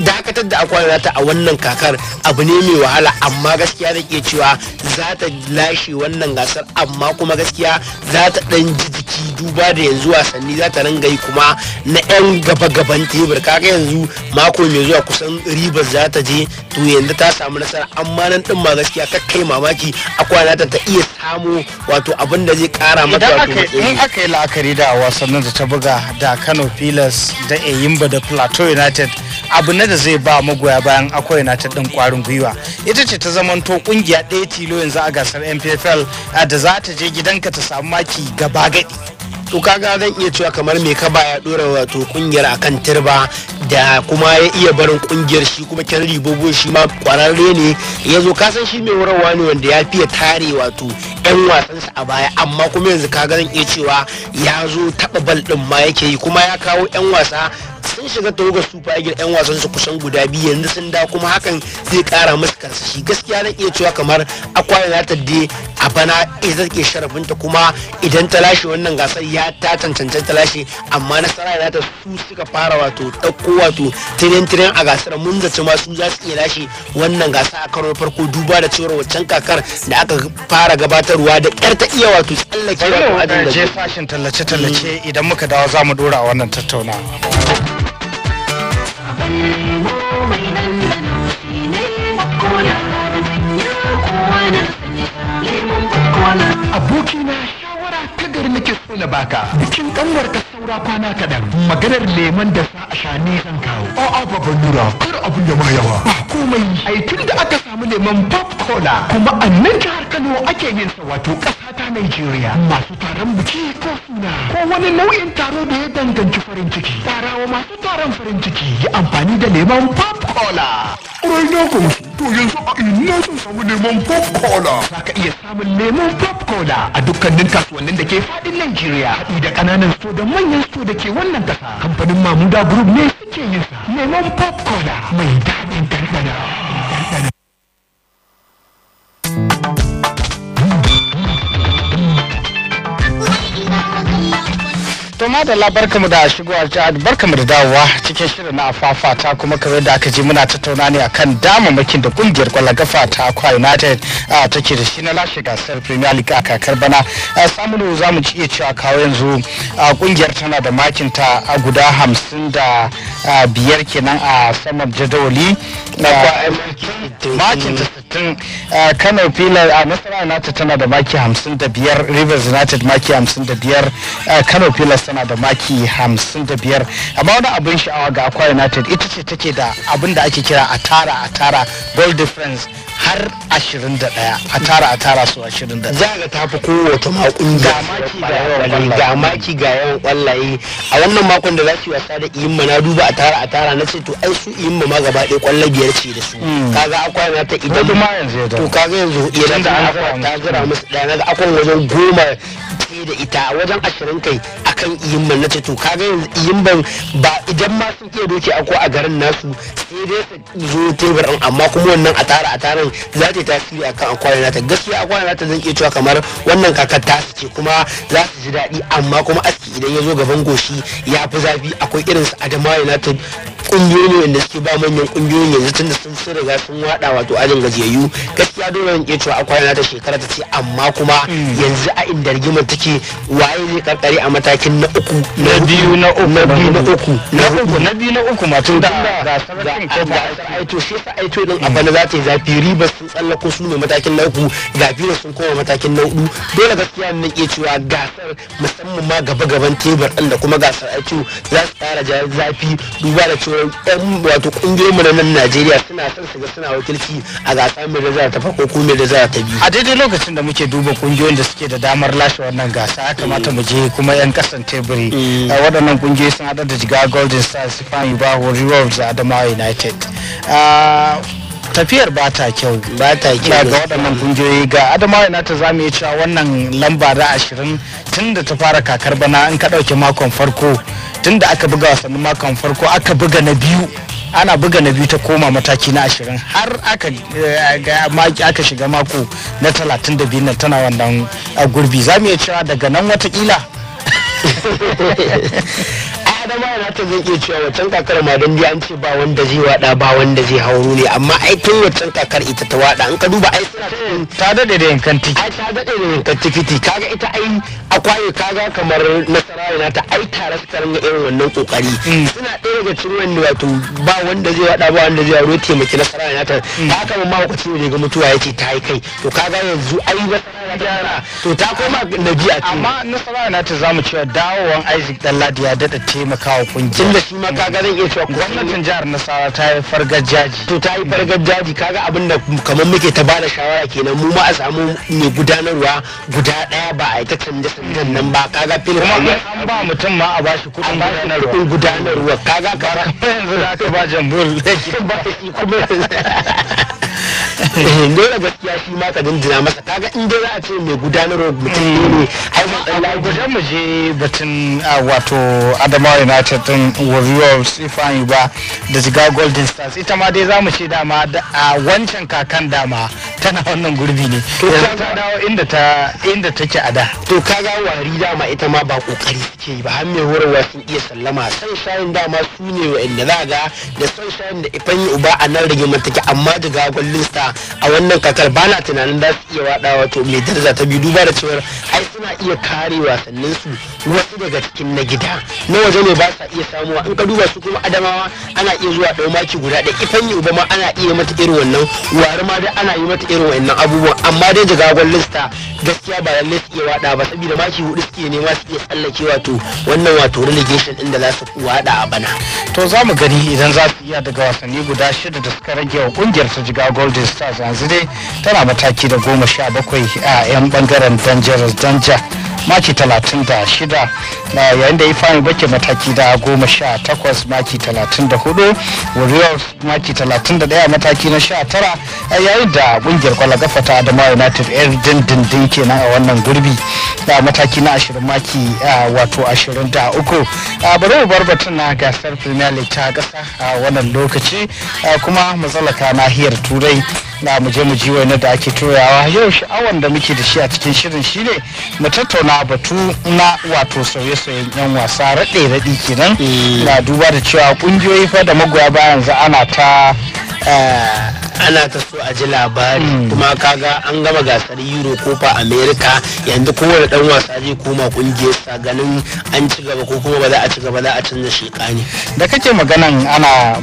dakatar da akwana ta a wannan kakar abu ne mai wahala amma gaskiya nake cewa za ta lashe wannan gasar amma kuma gaskiya za ta dan jiki duba da yanzu wasanni za ta ringa yi kuma na yan gaba gaban tebur kaga yanzu mako mai zuwa kusan ribar za ta je to yanzu ta samu nasara amma nan din ma gaskiya ta kai mamaki akwai ta ta iya samu wato abin da zai kara mata wato aka yi la'akari da wasannin da ta buga da Kano Pilas da Eyimba da Plan plateau united abu na da zai ba magoya bayan akwai united din kwarin gwiwa ita ce ta zamanto kungiya ɗaya tilo yanzu a gasar mpfl da za ta je gidanka ta samu maki gaba gadi to kaga zan iya cewa kamar me ka baya dora wato kungiyar akan turba da kuma ya iya barin kungiyar shi kuma kyan ribobo shi ma kwararre ne ya zo san shi mai warawa ne wanda ya fiye tare wato yan wasansa a baya amma kuma yanzu kaga zan iya cewa ya zo taba bal din ma yake yi kuma ya kawo yan wasa sun shiga tawagar super eagles yan wasan su kusan guda biyu yanzu sun da kuma hakan zai kara musu kansu gaskiya zan iya cewa kamar akwai ta dai a bana eh ita take sharafinta kuma idan ta lashe wannan gasar ya ta cancanci ta lashe amma nasara ta su suka fara wato ɗauko wato tirin-tirin a gasar mun zaci ma su za su iya lashe wannan gasa a karo farko duba da cewar waccan kakar da aka fara gabatarwa da ƙyar ta iya wato tsallake wato da je fashin tallace-tallace idan muka dawo za mu dora wannan tattaunawa. abokina Sadar nake so na baka bikin kanwar ka saura kwana kaɗan maganar lemon da sa a shane zan kawo. A'a baban nura kar abin da ma yawa. Ba komai ai tun da aka samu lemon pop cola kuma a nan jihar Kano ake yin sa wato ƙasa ta Najeriya masu taron biki ko suna ko wani nau'in taro da ya danganci farin ciki. Tarawa masu taron farin ciki yi amfani da lemon pop cola. Rai na to yanzu a ina sun samu lemon pop cola. Za ka iya samun lemon pop cola a dukkanin kasuwannin da ke fadin Najeriya haɗi da ƙananan so da manyan su da ke wannan ƙasa. Kamfanin Mamuda Group ne suke yin sa. Neman pop mai daɗin ɗanɗana. to madalla mu da shigowa mu da dawowa cikin shirin na fafata kuma kamar da aka ji muna tattauna ne akan damamakin da kungiyar kwallon kafa ta kwa united take da shi na lashe gasar premier league a kakar bana samunu za mu iya cewa kawo yanzu kungiyar tana da makinta guda hamsin da biyar kenan a saman jadawali makin da sittin kano filar a nasara united tana da maki hamsin da biyar rivers united maki hamsin da biyar kano filar tana da maki hamsin da biyar amma wani abin sha'awa ga akwai united ita ce take da abin da ake kira a tara a tara goal difference har 21 a tara a tara su 21 za ga tafi kowace makon kungiya ga maki ga yawan kwallaye a wannan makon da za su yi wasa da iyin mana duba a tara a tara na ce to ai su yin ma gaba ɗaya kwallo biyar ce da su hmm. kaga akwai na ta idan to kaga yanzu idan da akwa ta jira musu da na akwai wajen goma yi da ita wajen ashirin kai akan iyimban na to kaga yanzu iyimban ba idan ma sun ke doke ako a garin nasu sai dai su zo tebur din amma kuma wannan a tara a tarin za ta yi tasiri akan akwana nata gaskiya akwana nata zan iya cewa kamar wannan kakar ta ce kuma za su ji daɗi amma kuma aski idan ya zo gaban goshi ya fi zafi akwai irin su adamawa united kungiyoyi wanda suke ba manyan kungiyoyi yanzu tun da sun riga sun wada wato ajin gajiyayyu gaskiya dole ne iya cewa akwana nata shekara ta ce amma kuma hmm. yanzu a inda rigimar take yake waye zai karkare a matakin na uku na biyu na uku na biyu na uku na uku na biyu na uku ma tun da ga aito sai aito din a bana za ta yi zafi riba sun tsallako su ne matakin na uku ga biyu sun koma matakin na hudu dole gaskiya ne ke cewa gasar musamman ma gaba gaban tebur din da kuma gasar aito za su ja zafi duba da cewa yan wato kungiyoyin na nan Najeriya suna son su ga suna wakilci a gasar mai da za ta farko ko mai da za ta biyu a daidai lokacin da muke duba kungiyoyin da suke da damar lashe wannan gasa ya kamata mu je kuma yan kasan teburi mm. waɗannan kungiyoyi sun haɗa da jiga golden stars sifani ba hori wolves da adamawa united tafiyar ba ta kyau ba ta kyau ga waɗannan kungiyoyi ga adamawa united za mu iya cewa wannan lamba da ashirin tun da ta fara kakar bana in ka ɗauke makon farko tun da aka buga wasannin makon farko aka buga na biyu ana buga na biyu ta koma mataki na ashirin har aka eh, shiga mako na talatin da biyu tana wannan eh, gurbi za mu iya cewa daga nan watakila [laughs] adama yana ta zai iya cewa wancan kakar ma don an ce ba wanda zai wada ba wanda zai hauru ne amma ai tun wancan kakar ita ta wada an ka duba ai ta dade da yankan tiki ai ta daɗe da yankan tikiti kaga ita ai akwai kaga kamar nasara yana ta ai tare su tarin irin wannan kokari mm. suna ɗaya daga cikin wanda wato ba wanda zai wada ba wanda zai waro taimaki nasara yana ta da mm. haka ma lokaci ne ga mutuwa yake ta yi kai to kaga yanzu ai ba to ta koma nabi'a a amma nasara yana ta zamu cewa dawowan Isaac Dallad ya dada taimakawa kungiyar da shi ma kaga zan iya cewa gwamnatin jihar Nasara ta yi fargajaji to ta yi fargajaji kaga abin da kamar muke ta bada shawara kenan mu ma a samu mai gudanarwa guda daya ba a ita canja din nan ba kaga filin ba an ba mutum ma a bashi kudin gudanarwa kudin gudanarwa kaga kaga [laughs] yanzu za ka ba jambul [laughs] ba kuma eh, dole gaskiya shi ma ka dindina masa kaga in dai za a ce mai gudanarwa mutum ne ai ma dan mm. gudan mu je batun wato Adamawa United din Warriors Stefan Yuba da Jigar Golden Stars ita ma dai za mu ce dama a wancan kakan dama tana wannan gurbi ne yanzu ta dawo inda ta inda take a da to kaga wari dama ita ma ba kokari ke ba har mai horarwa sun iya sallama San da dama su ne wa'anda za ga da san shayin da ifan uba a nan rigimar take amma daga gwallin sa a wannan kakar ba na tunanin za su iya wada wato mai daraja ta biyu duba da cewar ai suna iya kare wasannin su wasu daga cikin na gida na waje ne ba sa iya samuwa in ka duba su kuma adamawa ana iya zuwa ɗau maki guda da ifan uba ma ana iya mata irin wannan wari ma da ana yi mata irin wa'annan abubuwan amma dai jagagon lista gaskiya ba lalle suke wada ba saboda maki hudu suke nema su iya tsallake wato wannan wato relegation din da za su wada a bana to za mu gani idan za su iya daga wasanni guda shida da suka rage wa kungiyar ta jiga golden stars yanzu dai tana mataki da goma sha bakwai a yan bangaren dangerous danger maki 36 yayin da ya ifani bakin mataki da goma sha takwas maki 34 warriors maki 31 mataki na sha a yayin da kungiyar kwallon gafa ta adama united air dindindin kenan a wannan gurbi da mataki na 20 maki wato 23 bari mu bar batun na gasar premier league ta kasa a wannan lokaci kuma matsalaka nahiyar turai na mu je mu ji wani da ake toyawa yau sha'awan da muke da shi a cikin shirin shine mu tattauna batu na wato sauye-sauyen yan wasa raɗe-raɗi kenan eh. na duba da cewa ƙungiyoyi fa da magoya bayan za ana ta eh, ana ta so a ji labari hmm. kuma kaga an gama gasar euro ko fa america yanzu kowane dan wasa zai koma kungiyar sa ganin an ci gaba ko kuma ba za a ci gaba za a canza sheka ne da kake maganan ana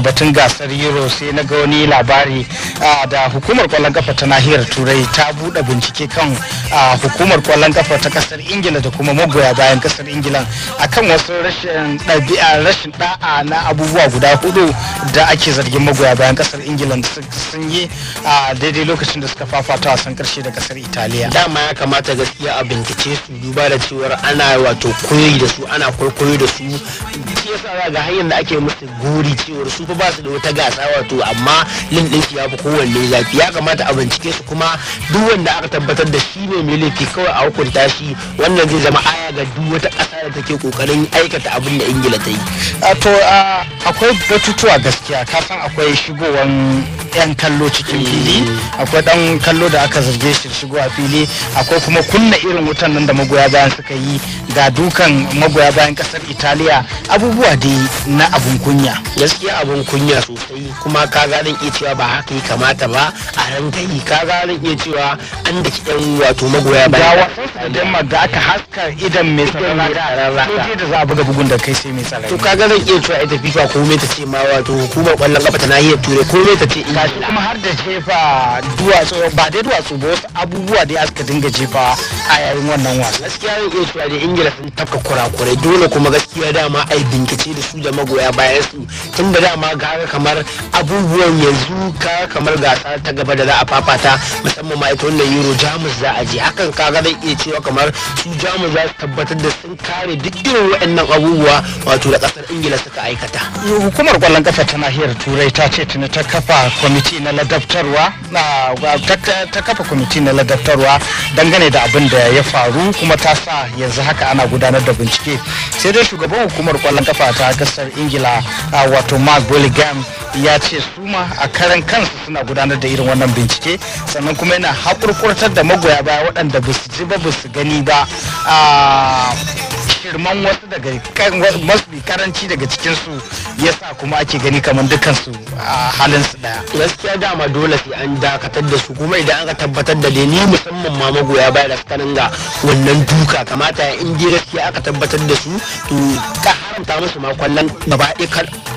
batun gasar euro sai na ga wani labari da hukumar kwallon kafa ta nahiyar turai ta buɗe bincike kan hukumar kwallon kafa ta kasar ingila da kuma magoya bayan kasar ingila akan wasu rashin ɗabi'a rashin ɗa'a na abubuwa guda hudu da ake zargin magoya bayan kasar ingila sun yi a daidai lokacin da suka fafata wasan karshe da kasar italiya dama ya kamata gaskiya a bincike su duba da cewar ana wato koyi da su ana kwaikwayo da su yasa ga hanyar da ake musu guri cewar su fa ba su da wata gasa wato amma lin din ya fi kowanne zafi ya kamata a bincike su kuma duk wanda aka tabbatar da shi ne mai laifi kawai a hukunta shi wannan zai zama aya ga duk wata ƙasa da take kokarin aikata abin da ingila ta yi. to akwai batutuwa gaskiya kasan akwai shigowan yan kallo cikin fili akwai dan kallo da aka zarge shi shigo a fili akwai kuma kunna irin wutan nan da magoya bayan suka yi ga dukan magoya bayan kasar italiya abubuwa dai na abun kunya gaskiya abun kunya sosai kuma ka ga dan cewa ba haka yi kamata ba a ran kai ka ga dan iya cewa an da yan wato magoya bayan ga wasan Denmark da aka haska idan mai tsara da da za a buga bugun da kai sai mai tsara to ka ga dan iya cewa ita FIFA komai ta ce ma wato hukumar kwallon kafa ta nahiyar turai komai ta ce gashi kuma har da jefa duwatsu ba dai duwatsu ba wasu abubuwa dai aka dinga jefa a yayin wannan wasa gaskiya zan iya cewa da ingila sun tafka kurakurai dole kuma gaskiya dama ai bincike da su da magoya bayan su da dama ga kamar abubuwan yanzu ka kamar gasa ta gaba da za a fafata musamman ma ita wannan euro jamus za a je hakan kaga zai iya cewa kamar su jamus za su tabbatar da sun kare duk irin waɗannan abubuwa wato da kasar ingila suka aikata hukumar kwallon kafa ta nahiyar turai ta ce tuni ta kafa kwamiti na ladabtarwa ta kafa kwamiti na ladabtarwa dangane da abin da ya faru kuma ta sa yanzu haka ana gudanar da bincike sai dai shugaban hukumar kwallon kafa ta kasar ingila wato mark bulligan ya ce su ma a karan kansu suna gudanar da irin wannan bincike sannan kuma yana haƙurƙurtar da magoya baya waɗanda ba su ji ba ba su gani ba shirman wasu daga mafi karanci daga cikin su yasa kuma ake gani kamar dukkan su a halin su daya gaskiya dama dole sai an dakatar da su kuma idan aka tabbatar da dai ni musamman ma magoya baya da suka ga wannan duka kamata ya in gaskiya aka tabbatar da su to ka haramta musu ma kwallon gaba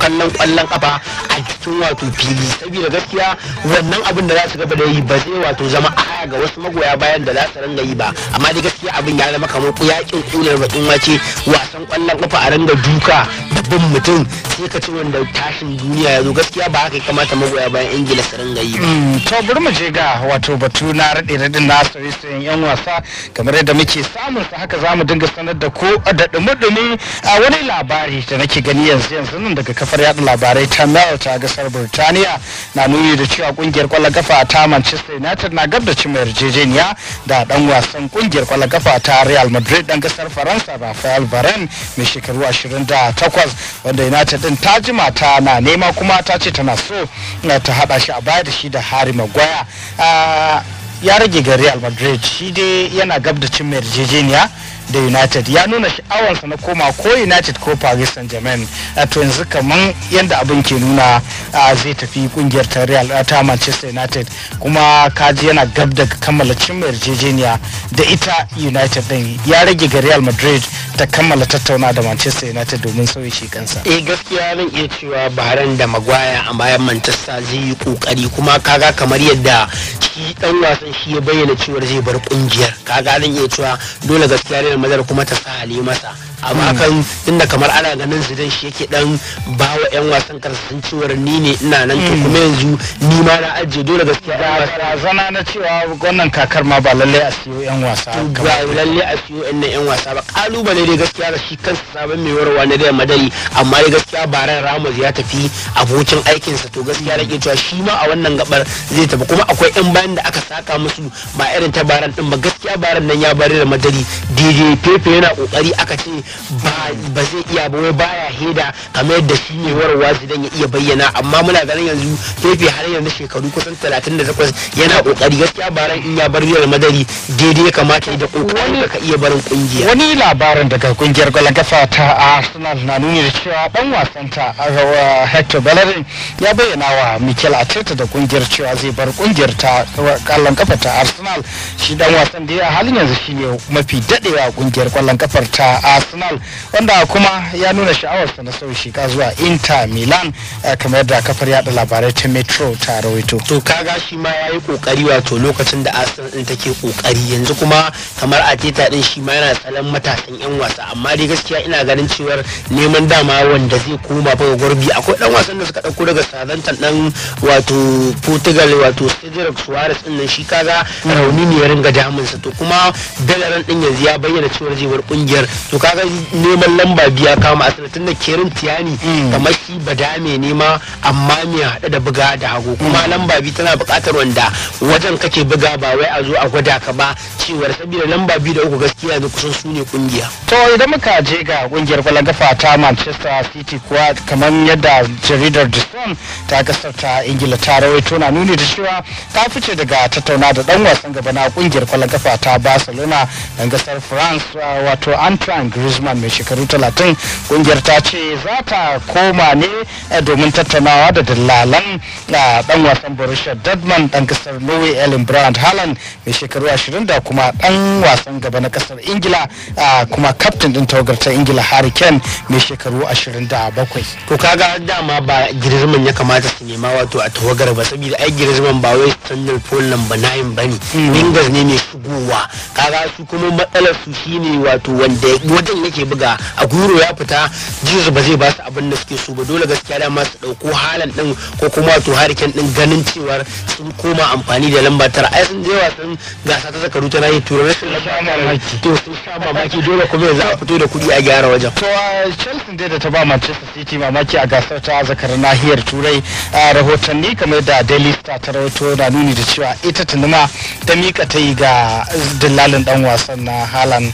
kallon kwallon kafa a cikin wato fili saboda gaskiya wannan abin da za su gaba da yi ba zai wato zama aya ga wasu magoya bayan da za su ranga yi ba amma dai gaskiya abin ya zama kamar yakin kunar bakin wace ce wasan kwallon kafa a ranga duka da bin mutum sai ka ci wanda tashin duniya ya zo gaskiya ba haka kamata magoya bayan ingila su ringa yi hmm, to bari mu je ga wato batu na rade radin na sayen yan wasa kamar yadda muke samun sa haka zamu dinga sanar da ko da dumi a wani labari da nake gani yanzu yanzu nan daga kafar yada labarai ta mail ta gasar burtaniya na nuni da cewa kungiyar kwallon kafa ta manchester united na gab da cimma yarjejeniya da dan wasan kungiyar kwallon kafa ta real madrid dan gasar faransa ba rafael mai shekaru 28 wanda united din ta jima ta na nema kuma ta ce tana so eh, ta hada shi a baya da shi da harry maguire ah, ya rage ga real madrid shi dai yana gab da cin yarjejeniya da united ya nuna sha'awarsa na koma ko united ko paris saint germain to yanzu kaman yadda abin ke nuna zai tafi kungiyar ta real ta manchester united kuma kaji yana gab da kammala cin yarjejeniya da ita united din ya rage ga real madrid ta kammala tattauna da manchester united domin sauyi shi kansa eh gaskiya zan iya cewa baran da magwaya a bayan manchester zai yi kokari kuma kaga kamar yadda shi dan wasan shi ya bayyana cewar zai bar kungiyar kaga zan iya cewa dole gaskiya ne mazar kuma ta sa hali masa amma kan inda kamar ana ganin zidan shi yake dan ba yan wasan karsan cewar ni ne ina nan to kuma yanzu ni ma na ajiye dole gaskiya ba zana na cewa wannan kakar ma ba lalle a siyo yan wasa ba lalle a siyo yan yan wasa ba kalubale dai gaskiya da shi kansa sabon mai warwa na da madari amma dai gaskiya baran Ramos ya tafi abokin aikinsa to gaskiya da ke cewa shi ma a wannan gabar zai tafi kuma akwai yan bayan da aka saka musu ba irin ta baran din ba gaskiya baran nan ya bari da madari DJ Pepe yana kokari aka ce ba zai iya ba wai baya heda kamar yadda shi ne warwa zidan ya iya bayyana amma muna ganin yanzu fefe har yanzu shekaru kusan 38 yana kokari gaskiya baran in ya bar real madari daidai kamata da kokari da ka iya barin kungiya wani labarin daga kungiyar kwallon ta arsenal na nuni da cewa dan wasan ta hector bellerin ya bayyana wa mikel arteta da kungiyar cewa zai bar kungiyar ta kallon kafa ta arsenal shi dan wasan da ya halin yanzu shine mafi dadewa kungiyar kwallon kafar ta arsenal arsenal wanda kuma ya nuna sha'awarsa na sau shiga zuwa inter milan eh, kamar yadda kafar yada labarai ta metro ta rawaito to kaga shi ma ya yi kokari wato lokacin da arsenal din take kokari yanzu kuma kamar ateta din shi ma yana tsalan matasan yan wasa amma dai gaskiya ina ganin cewar neman dama wanda zai koma ga gurbi akwai dan wasan da suka dauko daga sadantan dan wato portugal wato cedric suarez din nan shi kaga rauni ne ya ringa damunsa to kuma dalaran din yanzu ya bayyana cewar zai kungiyar to kaga neman lamba biya kama a tun da kerin tiyani kamar hmm. shi bada ne nema amma miya haɗe da buga da hagu hmm. kuma lamba biyu tana buƙatar wanda wajen kake buga ba wai a zo a gwada ka ba cewar saboda lamba biyu da uku gaskiya da kusan su ne kungiya. to idan muka je ga kungiyar kwallon ta manchester city kuwa kamar yadda jaridar the sun ta kasar ta ingila ta rawaito na nuni da cewa ta fice daga tattauna da dan wasan gaba na kungiyar kwallon ta barcelona dan gasar france wato antoine Usman mai shekaru 30 kungiyar ta ce za ta koma ne eh, domin tattaunawa da dillalan eh, dan wasan Borussia Dortmund dan kasar Norway Ellen Brand Haaland mai shekaru 20 da kuma dan wasan gaba na kasar Ingila eh, kuma kaftin din tawagar ta Ingila Harry Kane mai shekaru 27 to kaga dama ba girman ya kamata su nema wato a tawagar ba saboda ai girman ba wai standard Poland ba nayin bane Lingard mm. ne mai shigowa kaga su kuma matsalar su shine wato wanda wajen nake buga a guro ya fita jizu ba zai ba su abin da suke so ba dole gaskiya dama su dauko halan din ko kuma to hariken din ganin cewar sun koma amfani da lamba tara ai sun je wasan gasa ta zakaru ta nayi turai sun sha mamaki to sun sha mamaki dole kuma yanzu a fito da kudi a gyara wajen to Chelsea dai da ta ba Manchester City mamaki a gasar ta zakarar nahiyar turai rahotanni kamar da Daily Star ta rawaito na nuni da cewa ita tunuma ta mika ta yi ga dillalin dan wasan na halan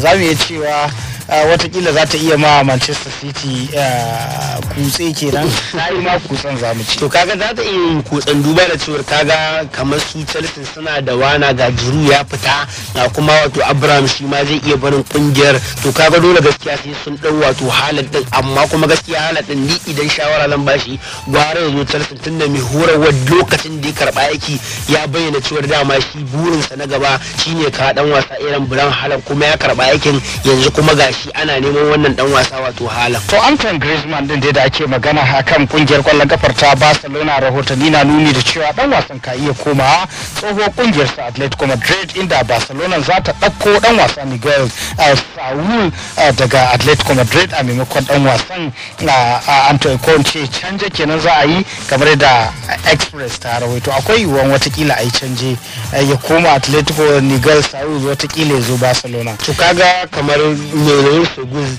za mu iya you. Uh, are. Ah, watakila za ta iya ma manchester city ah, kutse ke ta yi ma kutsen mu ci to kaga za ta iya yin kutsen duba da cewar kaga kamar su chelsea suna da wana ga jiru ya fita ga kuma wato abraham shi ma zai iya barin kungiyar to kaga dole gaskiya sai sun dau wato halin din amma kuma gaskiya hala din ni idan shawara zan bashi gwara ya zo chelsea tun da mai horarwar lokacin da ya karba aiki ya bayyana cewar dama shi burinsa na gaba shine ka dan wasa irin buran halar kuma ya karba aikin yanzu kuma ga shi ana neman wannan dan wasa wato hala to Anton Griezmann din da ake magana hakan kungiyar kwallon kafar ta Barcelona rahotanni na nuni da cewa dan wasan ka iya komawa tsohuwar kungiyar sa Atletico Madrid inda Barcelona za ta ɗauko dan wasa Miguel eh, Saul eh, daga Atletico Madrid a maimakon dan wasan eh, Antoine Conte canje kenan za a yi kamar da Express ta rahoto akwai yiwuwar watakila a yi canje ya koma Atletico Miguel Saul watakila ya zo Barcelona to kaga kamar me yoyin Lagos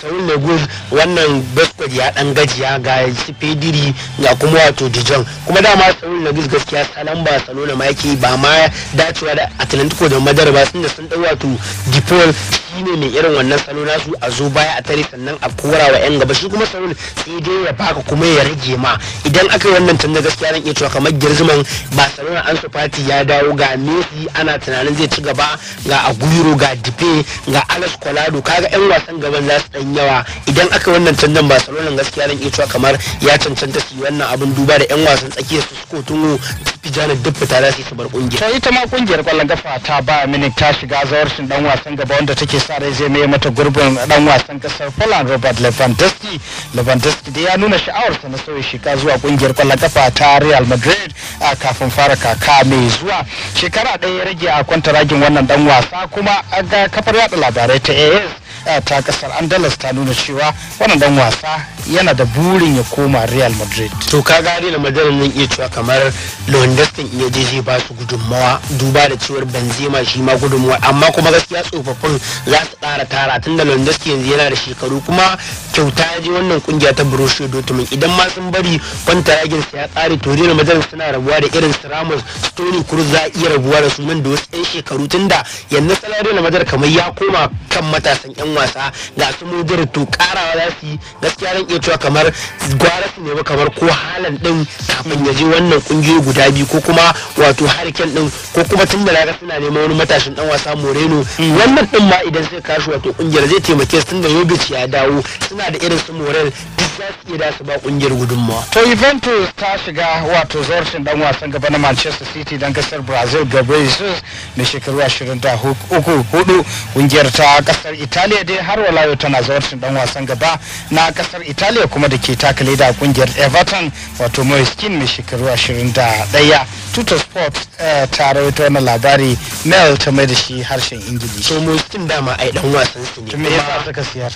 saurin Lagos wannan Bashkwad ya dan gajiya ga Fediri ga kuma wato Dijon kuma dama saurin Lagos gaskiya salon Barcelona ma yake ba ma dacewa da Atlantico da Madar ba sun da sun dau wato Dipol shine mai irin wannan salo nasu a zo baya a tare sannan a kora wa yan gaba shi kuma saurin sai dai ya baka kuma ya rage ma idan aka yi wannan canza gaskiya zan iya cewa kamar Griezmann Barcelona Ansu Fati ya dawo ga Messi ana tunanin zai ci gaba ga Aguero ga Dipe ga alas Colado kaga yan wasan gaban za su dan yawa idan aka wannan canjan barcelona gaskiya zan iya kamar ya cancanta su wannan abin duba da yan wasan tsakiyar su suko tuno fijanar duk fita za su yi bar kungiya to ita ma kungiyar kwallon gafa ta ba mini ta shiga zawarcin dan wasan gaba wanda take sa rai zai mai mata gurbin dan wasan kasar poland robert lewandowski lewandowski dai ya nuna sha'awarsa na sauya shiga zuwa kungiyar kwallon gafa ta real madrid a kafin fara kaka mai zuwa shekara ɗaya ya rage a kwanta ragin wannan dan wasa kuma ga kafar yada labarai ta as ta kasar andalus ta nuna cewa wannan dan wasa yana da burin ya koma real madrid to ka gani da madrid nan iya cewa kamar lewandowski iya je zai ba su gudunmawa duba da cewar benzema shi ma gudunmawa amma kuma gaskiya tsofaffin za su ƙara tara tun da lewandowski yanzu yana da shekaru kuma kyauta ya je wannan kungiya ta borussia dortmund idan ma sun bari kwantaragin sa ya tsare to real madrid suna rabuwa da irin su ramos stony cruz za a iya rabuwa da su nan da wasu 'yan shekaru tunda da yanzu salari na madrid kamar ya koma kan matasan 'yan wasa da su mudir to karawa za su yi gaskiya zan iya cewa kamar gwara su nemi kamar ko halan din kafin ya je wannan kungiyo guda biyu ko kuma wato hariken din ko kuma tun da ga suna neman wani matashin dan wasa moreno wannan din ma idan sai kashi wato kungiyar zai taimake su tunda yobic ya dawo suna da irin su morel duk su da su ba kungiyar gudunmawa. to juventus ta shiga wato zarcin dan wasan gaba na manchester city dan kasar brazil gabriel jesus ne shekaru 23 hudu kungiyar ta kasar italiya dai har walayo tana zawarcin dan wasan gaba na kasar Italiya kuma da ke taka leda a kungiyar Everton wato Moiskin mai shekaru 21 Tutor Sport eh, ta rawaito wani labari Mel ta mai da shi harshen Ingilishi. To Moiskin dama ai dan wasan su ne. Me yasa suka siyar?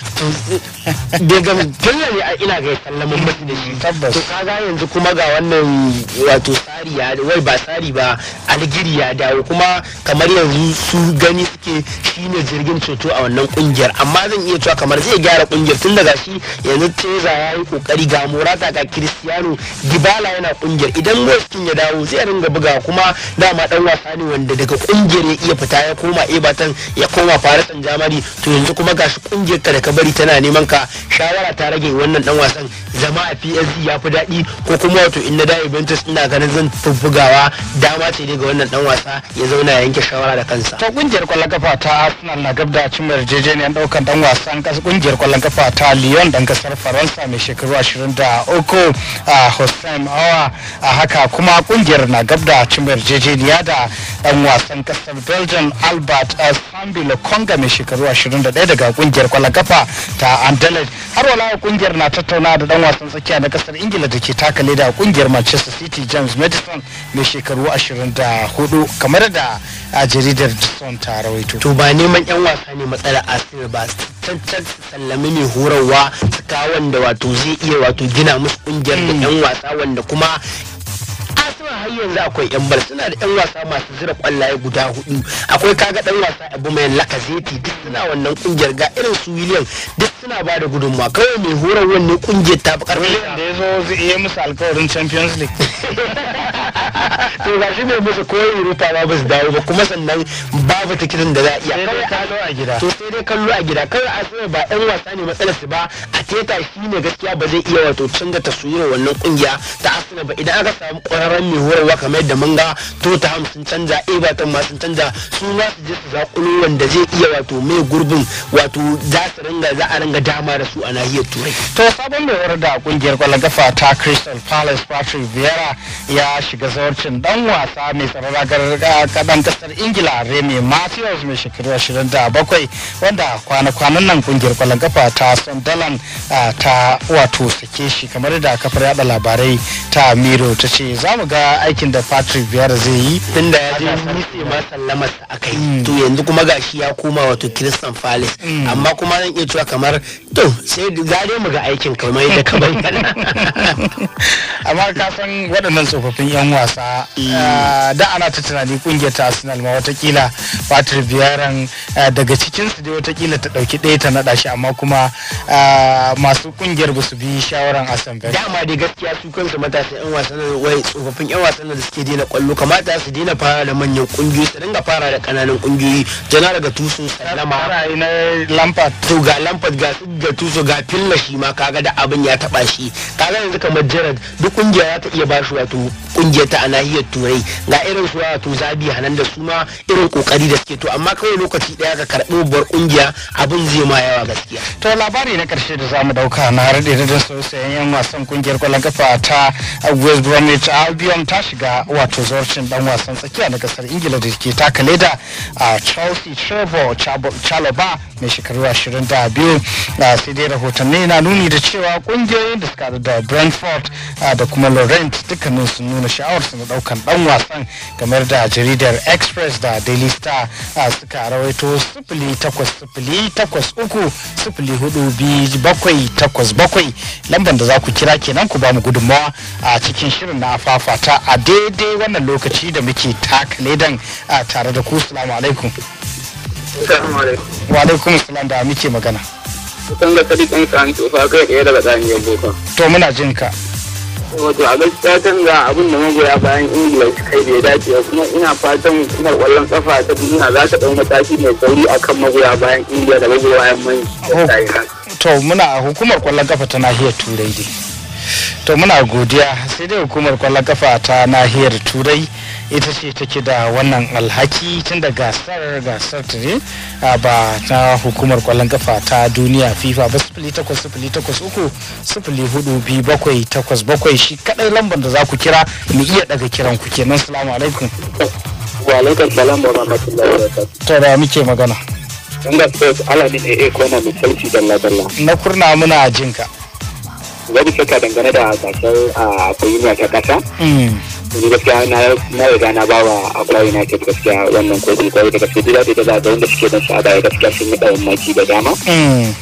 Daga ne ina ga sallaman mutu da shi. Tabbas. To kaga yanzu kuma ga wannan wato tsari ya wai ba tsari ba algiri ya dawo kuma kamar yanzu su gani suke shine jirgin ceto a wannan kungiyar amma zan iya cewa kamar zai gyara kungiyar tun daga shi yanzu teza ya yi kokari ga morata ga cristiano dibala yana kungiyar idan westin ya dawo zai ringa buga kuma dama dan wasa ne wanda daga kungiyar ya iya fita ya koma ebatan ya koma farisan jamari to yanzu kuma gashi kungiyar ka da ka bari tana neman ka shawara ta rage wannan dan wasan zama a psg ya fi daɗi ko kuma wato in na da juventus ina ganin zan fi bugawa dama ce ne wannan dan wasa ya zauna ya yanke shawara da kansa ta kungiyar kwallon kafa ta arsenal na gabda cimma yarjejeniyar daukan dan wasan kungiyar kwallon kafa ta Lyon dan kasar Faransa mai shekaru 23 a Hossein Awa a haka kuma kungiyar na gabda cin yarjejeniya da dan wasan kasar Belgium Albert Sambi Lokonga mai shekaru 21 daga kungiyar kwallon kafa ta andalus har wala kungiyar na tattauna da dan wasan tsakiya na kasar Ingila da ke taka da kungiyar Manchester City James Madison mai shekaru 24 kamar da a jaridar Sun ta rawaito. To ba neman yan wasa ne matsalar Arsenal ba ba tantan sallami mai horarwa su wanda wato zai iya wato gina musu kungiyar da yan mm. wasa wanda kuma kasuwa har yanzu akwai yan bar suna da yan wasa masu zira kwallaye guda hudu akwai kaga ɗan wasa abu mai lakazeti duk suna wannan kungiyar ga irin su william duk suna ba da gudunmawa kawai mai horar wannan kungiyar ta fi karfi da ya zo zai iya musu alkawarin champions league [laughs] to ga shi musu koyi rufa ba basu dawo ba kuma sannan babu tikitin da za a iya kawai kallo a gida to sai dai kallo a gida kawai a sai ba yan wasa ne matsalar su ba a teta shi ne gaskiya ba zai iya wato canza taswirar wannan kungiya ta asuna ba idan aka samu kwararren bayan mai horarwa kamar yadda mun ga tottenham sun canza everton ma sun canza su ma su je su zakulo wanda zai iya wato mai gurbin wato za su ringa za a ringa dama da su a nahiyar turai to sabon mai horar da kungiyar kwallon ta crystal palace patrick vieira ya shiga zawarcin dan wasa mai tsaron ragar kadan kasar ingila Remy matthews mai shekaru 27 wanda kwana-kwanan nan kungiyar kwallon kafa ta sunderland ta wato sake shi kamar da kafar yada labarai ta miro ta ce za mu ga aikin da Patrick Vieira zai yi tunda ya je Messi ma sallamar sa aka yi mm. to yanzu kuma gashi ya koma wato Christian Palace mm. amma kuma zan iya cewa kamar to sai zare mu ga aikin kamar yadda ka bayyana [laughs] amma ka san waɗannan tsofaffin yan wasa mm. ah, da ana ta tunani kungiyar ta Arsenal ma watakila Patrick Vieira ah, daga cikin su dai watakila ta ɗauki ɗaya ta nada shi amma kuma ah, masu kungiyar ba su bi shawaran Arsenal dama dai gaskiya su kansu matasa yan wasan wai tsofaffin kafin yan wasan da suke daina kwallo kamata su daina fara da manyan kungiyoyi su dinga fara da kananan kungiyoyi jana daga tusu sallama na lampard to ga lampard ga ga tusu ga filla shi ma kaga da abin ya taba shi kaga yanzu kamar jared duk kungiya ya ta iya ba shi wato kungiya ta a nahiyar turai ga irin su wato zabi hanan da su ma irin kokari da suke to amma kawai lokaci daya ka karbi babbar kungiya abin zai ma yawa gaskiya to labari na karshe da zamu dauka na rade da sosayen yan wasan kungiyar kwallon kafa ta West Bromwich albion ta shiga wato zarcin dan wasan tsakiya na kasar ingila da ke taka leda a chelsea trevor chalaba mai shekaru 22 sai dai rahotanni na nuni da cewa kungiyoyin da suka da brentford da kuma laurent dukkanin sun nuna sha'awar su na daukan dan wasan kamar da jaridar express da daily star suka rawaito sifili takwas sifili takwas uku sifili hudu biyu bakwai takwas bakwai lambar da za ku kira kenan ku ba mu gudunmawa a cikin shirin na afafa fata a daidai wannan lokaci da muke taka dan a tare da ku salamu alaikum wa alaikum salam da muke magana kusan ga sadi ɗin kan fa kai ɗaya daga tsaniyar boko to muna jin ka wato a gaskiya kan ga abin da magoya bayan ingila su kai bai dace kuma ina fatan hukumar kwallon kafa ta duniya za ta ɗau mataki mai sauri akan magoya bayan ingila da magoya bayan mai oh, to muna hukumar kwallon kafa ta nahiyar turai dai to muna godiya sai dai hukumar kwallon kafa ta nahiyar turai ita ce take da wannan alhaki tun da gasar gasar ta ne ba ta hukumar kwallon kafa ta duniya fifa ba sifili takwas sifili takwas uku sifili hudu biyu bakwai takwas bakwai shi kadai lambar da za ku kira mu iya daga kiran ku kenan salamu alaikum wa salam wa rahmatullahi wa muke magana Ina Sports Alamin AA Kwana Mai Salci Dalla Dalla. Na kurna muna jinka. wani shakka dangane da gasar a kuyuma ta kasa mm. ni gaskiya na riga na bawa a akwa united gaskiya wannan kogin kwarai da gaske duk da zagayen da suke don su a baya gaskiya sun yi ɗayan maki da dama mm.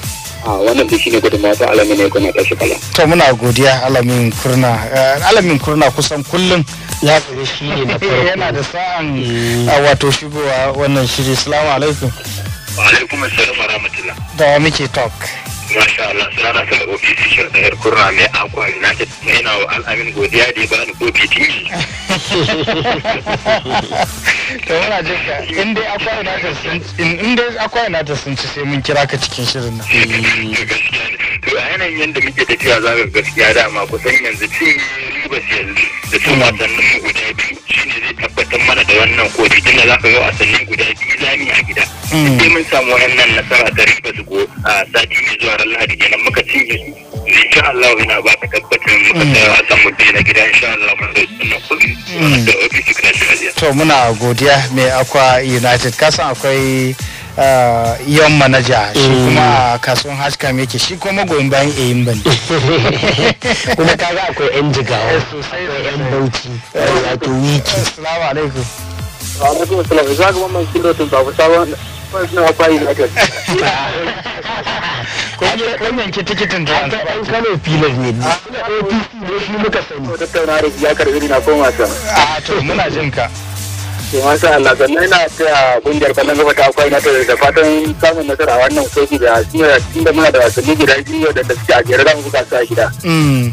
wannan da shine gudunmawa ta alamin ne kuna tashi kala. To muna godiya alamin kurna. Eh, alamin kurna kusan kullum ya tsaye shi ne na farko. [laughs] Yana da sa'an mm. ah, wato shigowa wannan shiri. Salamu alaikum. Wa alaikum assalam wa rahmatullah. Da muke talk. masha Allah suna na tara OPC shirin da yar kurna mai akwa na na yana wa al'amin godiya da ya bani OPT. To wana jinka in dai akwai na ta sun in dai akwa United sun ci sai mun kira ka cikin shirin na. Eh, to a yanayin yadda muke tafiya za ka gaskiya dama kusan yanzu cin tabbas yanzu da cin wasannin mu guda biyu shine zai tabbatar mana da wannan kofi tunda za ka ga wasannin guda biyu zami a gida mm. sai mun samu wannan nasara ta riba su ko a sati mai zuwa ran lahadi kenan muka cinye ne insha Allah ina ba ka tabbatar muka mm. tsaya wasan mu na gida insha Allah mun zai sunna kofi mm. da ofisi kana shi to muna godiya mai akwa united san akwai Eh, yan manaja shi mm. kuma kasuwan hashkam yake shi kuma goyon bayan eyin bane [laughs] kuma kaga akwai yan jigawa eh, akwai yan bauchi eh, wato wiki assalamu alaikum alaikum assalam za ga kilo tun babu sabon na fayi na gari [laughs] wannan ke tikitin da an an kano filar ne ah. ne APC ne shi muka sani to da ya karbi na koma a ah, to muna jin ka to sa Allah sannan ina taya kungiyar kwallon gaba ta kwai na da fatan samun nasara a wannan kofi da suna da muna da wasanni guda biyu da suke a jere za mu buga a gida. Mm.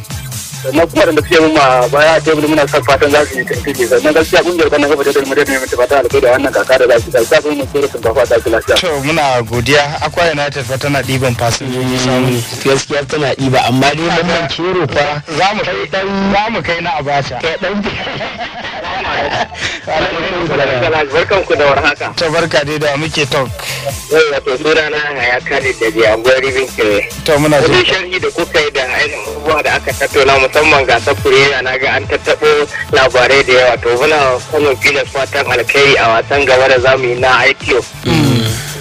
na kuwa da suke mun ma baya ta yi muna san fatan za su yi tafi ke sannan gaskiya kungiyar kwanan gaba da dalmar da mai fata alkai da wannan kaka da za su yi kafin mun tsoro sun kafa ta lafiya. to muna godiya akwa united fa tana ɗiban fasinjoji samu mm, gaskiya tana ɗiba amma dai wannan kero fa za mu kai dan za mu kai na abacha. kai dan [laughs] barkanku da warhaka. ta barka dai da muke talk. yau wato sura na haya kare da biya gwari bin to muna zo. wani sharhi da kuka yi da ainihin abubuwa da aka tattauna mu musamman gasar Firera na ga an tattaɓo labarai da yawa to muna kuma filas fatan alkhairi a wasan gaba da zamu yi na aikiyo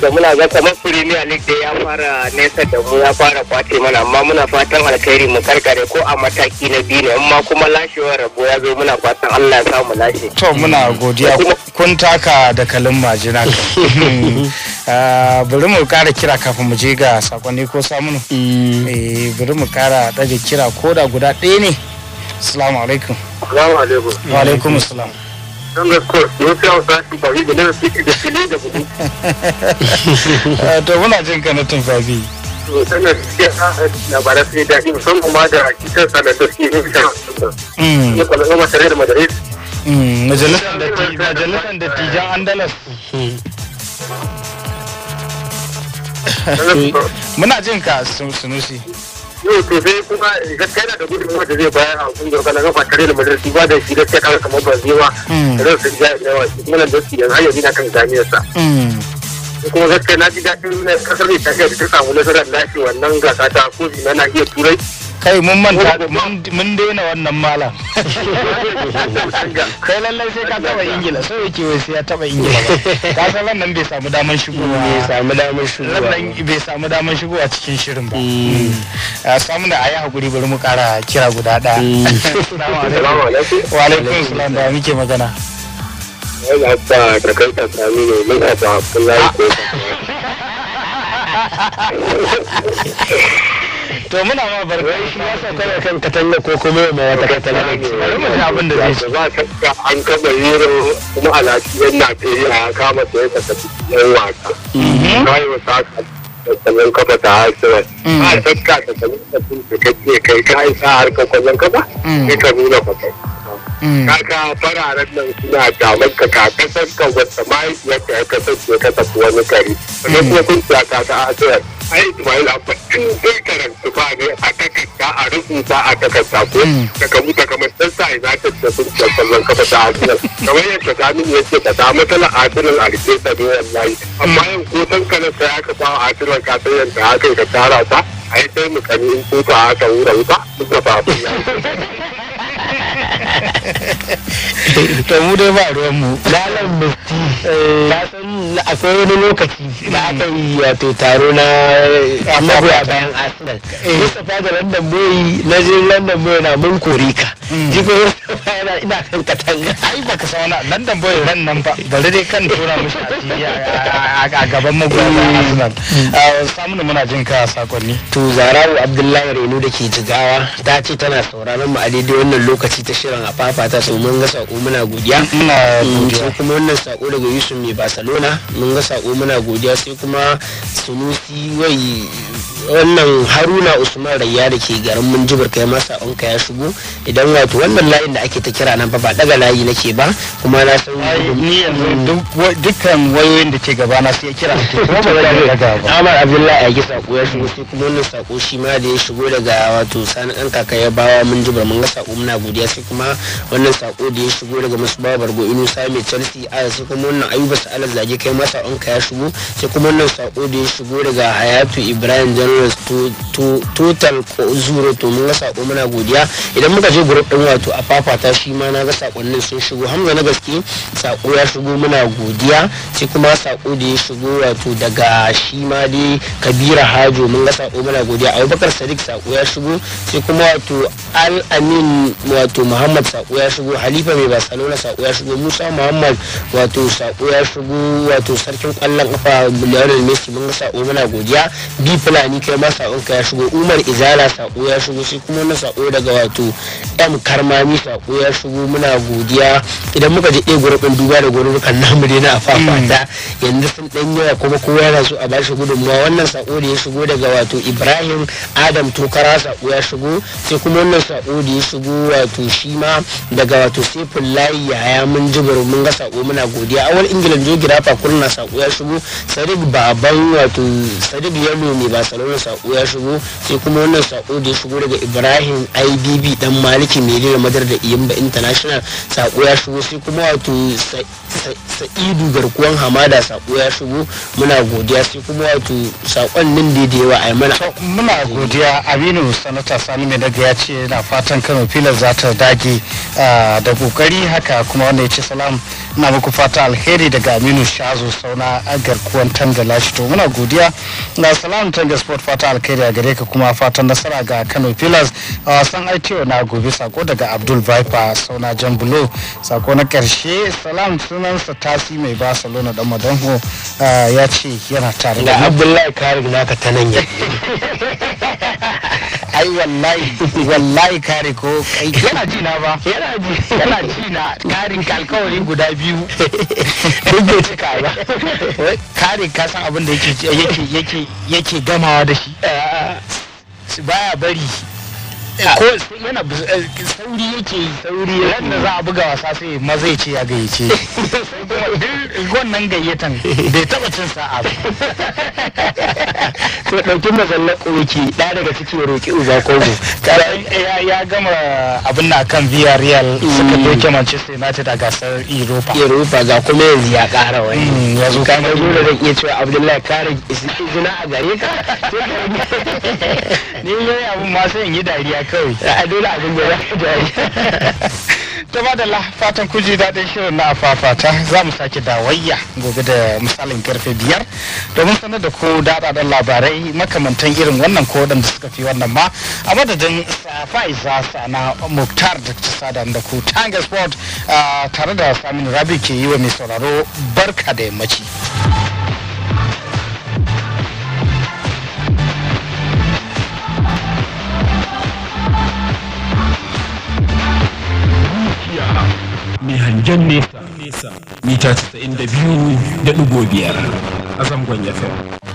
da muna ga kamar Premier League da ya fara nesa da mu ya fara kwace mana amma muna fatan alkhairi mu karkare ko a mataki na biyu ne amma kuma lashewar rabo ya zo muna fatan Allah ya samu lashe. To muna godiya kun taka da kalin majina. [laughs] Ah, bari mu kara kira kafin mu je ga sakonni ko samunu mm. eh, bari mu kara daga kira ko da guda ɗaya ne assalamu alaikum assalamu alaikum wa alaikum assalam ah, to muna jin ka na yin ne mm. mm, majalisar da tijan andalas [laughs] muna jin ka sunusi yau to sai kuma eh, gaskiya na da kuma da zai bayar a kungiyar kana gafa tare da madarasi ba da shi gaskiya kaga kamar ba zai wa da hmm. zan sun jaya da yawa shi kuma da su yanzu har kan na sa hmm. kuma gaskiya na ji daɗin kasar eh, mai tafiya da ta samu nasarar lafiya wannan gasa ta kofi na iya turai kai mun manta mun daina wannan malam [laughs] kai lallai sai ka taba ingila so yake wai sai ya taba ingila ba ka san nan bai samu daman shigowa bai samu daman shigowa bai samu daman shigowa cikin shirin ba mm. a samu da ayi hakuri bari mu kara kira guda daya mm. [laughs] assalamu alaikum wa alaikum salam da muke magana wani abba kakan ka sami ne mun abba abdullahi ko [laughs] to muna ma barka wai shi ya sauka da kan katanga ko kuma mai wata katanga bari mu ji abin da zai ci ba shakka an kaba yiro kuma alaki yan Najeriya ya kama sai ka tafi yan waka kai mhm. wa saka sannan kafa ta hasirar mm. ba shakka ka sami ka cikakke kai ka isa harkar kwallon kafa mm. sai ka nuna kwatai mm. kaka fararen nan suna damar ka ka kasar ka wata mahaifiyar ka ya kasance ka tafi wani kare sannan kuma kun ta ta hasirar ai Ismail Abba in dai karanta ba ne a takarda a rubuta a takarda ko hmm. daga buta kamar san sa ina ta da sun da sallan kafa ta Arsenal kamar yadda Kamin ya ce ka ta, tala Arsenal a rike ta ne wallahi amma yau ko san kana sai aka samu Arsenal ka san yadda aka ka tara ta ai sai mu kani in ko ta aka wura wuta muka fa [laughs] to mu ba ruwan mu lalan musti ya eh. san akwai wani lokaci da aka yi wato taro na A bayan arsenal eh. mustapha da london boy na je london boy na mun kore ka jiko hmm. mustapha yana ina kan katanga ai ba san wani london boy ran nan ba bari dai kan tura mishi a a gaban magoya bayan hmm. arsenal ah, samun muna jin ka sakonni to zarawu abdullahi renu da ke jigawa ta ce tana sauraron mu a daidai wannan lokaci ta shirin a fafata su mun ga sako muna godiya sai kuma wannan sako daga yusuf mai barcelona mun ga sako muna godiya sai kuma sunusi wai wannan haruna usman rayya da ke garin munjibar kai ma ka ya shigo idan wato wannan layin da ake ta kira nan ba ba daga layi nake ba kuma na san ni yanzu dukkan wayoyin da ke gaba [laughs] na sai kira Amar Abdullahi ya ki sako ya shigo sai kuma wannan sako shi ma da ya shigo daga wato sanin dan kaka ya bawa munjibar mun ga sako muna godiya sai kuma wannan sako da ya shigo daga musu bawa bargo inu sami Chelsea a sai kuma wannan ayuba sa'alar zage kai ma ka ya shigo sai kuma wannan sako da ya shigo daga Hayatu Ibrahim jan total zero to mun ga sako muna godiya idan muka je group din wato a fafata shi ma na ga sakonnin sun shigo hamza na gaske sako ya shigo muna godiya sai kuma sako da ya shigo wato daga shi ma dai kabira hajo mun ga sako muna godiya abubakar sadiq sako ya shigo sai kuma wato al amin wato muhammad sako ya shigo halifa mai barcelona sako ya shigo musa muhammad wato sako ya shigo wato sarkin kwallon kafa lionel messi mun ga sako muna godiya bi fulani kai ma saƙonka ya shigo umar izala saƙo ya shigo sai kuma na saƙo daga wato m karmami saƙo ya shigo muna godiya idan muka je ɗaya gurbin duba da gurbukan namu dai na fafata mm. yanzu sun ɗan yawa kuma kowa yana so a bashi gudunmawa wannan saƙo da ya shigo daga wato ibrahim adam tokara saƙo ya shigo sai kuma wannan saƙo da ya shigo wato shi ma daga wato sefin layi yaya mun jibir mun ga saƙo muna godiya awal ingilan jogirafa kurna saƙo ya shigo sadiq baban wato sadiq yalo ne ba salon wannan sako ya shigo sai kuma wannan sako da ya shigo daga ibrahim idb dan maliki mai da madar da iyamba international sako ya shigo sai kuma wato sa'idu garkuwan hamada sako ya shigo muna godiya sai kuma wato sakon nan da da yawa a mana muna godiya aminu sanata sani mai daga ya ce na fatan kano filar za ta dage da kokari haka kuma wanda ya ce salam na muku fata alheri daga aminu shazo sauna garkuwan tangala shi to muna godiya na salam tanga sport fata alkhairi a gare ka kuma fatan nasara ga Kano Pillars a wasan ITO na gobe sako daga Abdul Viper Sauna Jan Bulo sako na karshe Salam sunansa Tasi mai Barcelona dan Madanho ya ce yana tare da Abdullahi Karim naka ta nan ya [laughs] ai wallahi wallahi kare ko yana ji na ba yana ji yana ji na kare alkawari guda biyu duk bai cika ba kare ka san abin da yake yake yake gamawa da shi eh, baya bari Eh, ko yana eh, sauri yake sauri yadda za a buga wasa sai maza ya ce ya gayyace wannan gayyatan bai taba cin sa'a ba to dauki mazallar koki da daga cikin roki uza kogo ya gama abin na kan Villarreal suka doke Manchester United a gasar Europa Europa ga kuma yanzu ya kara wani hmm, yanzu ka ga da zan iya cewa Abdullahi kare izina a gare ka [laughs] ni ne abun ma sai in yi dariya kawai a dole abin ta [laughs] fatan kuji daɗin shirin na fafata za mu sake dawayya gobe da misalin karfe biyar domin sanar da ku daɗaɗen labarai makamantan irin wannan ko da suka fi wannan ma a madadin fa'iza sana muktar da ta sada da ku tanga sport tare da samin rabi ke yi wa mai sauraro barka da yammaci. mai hangen nesa mita 92.5 a zangon FM.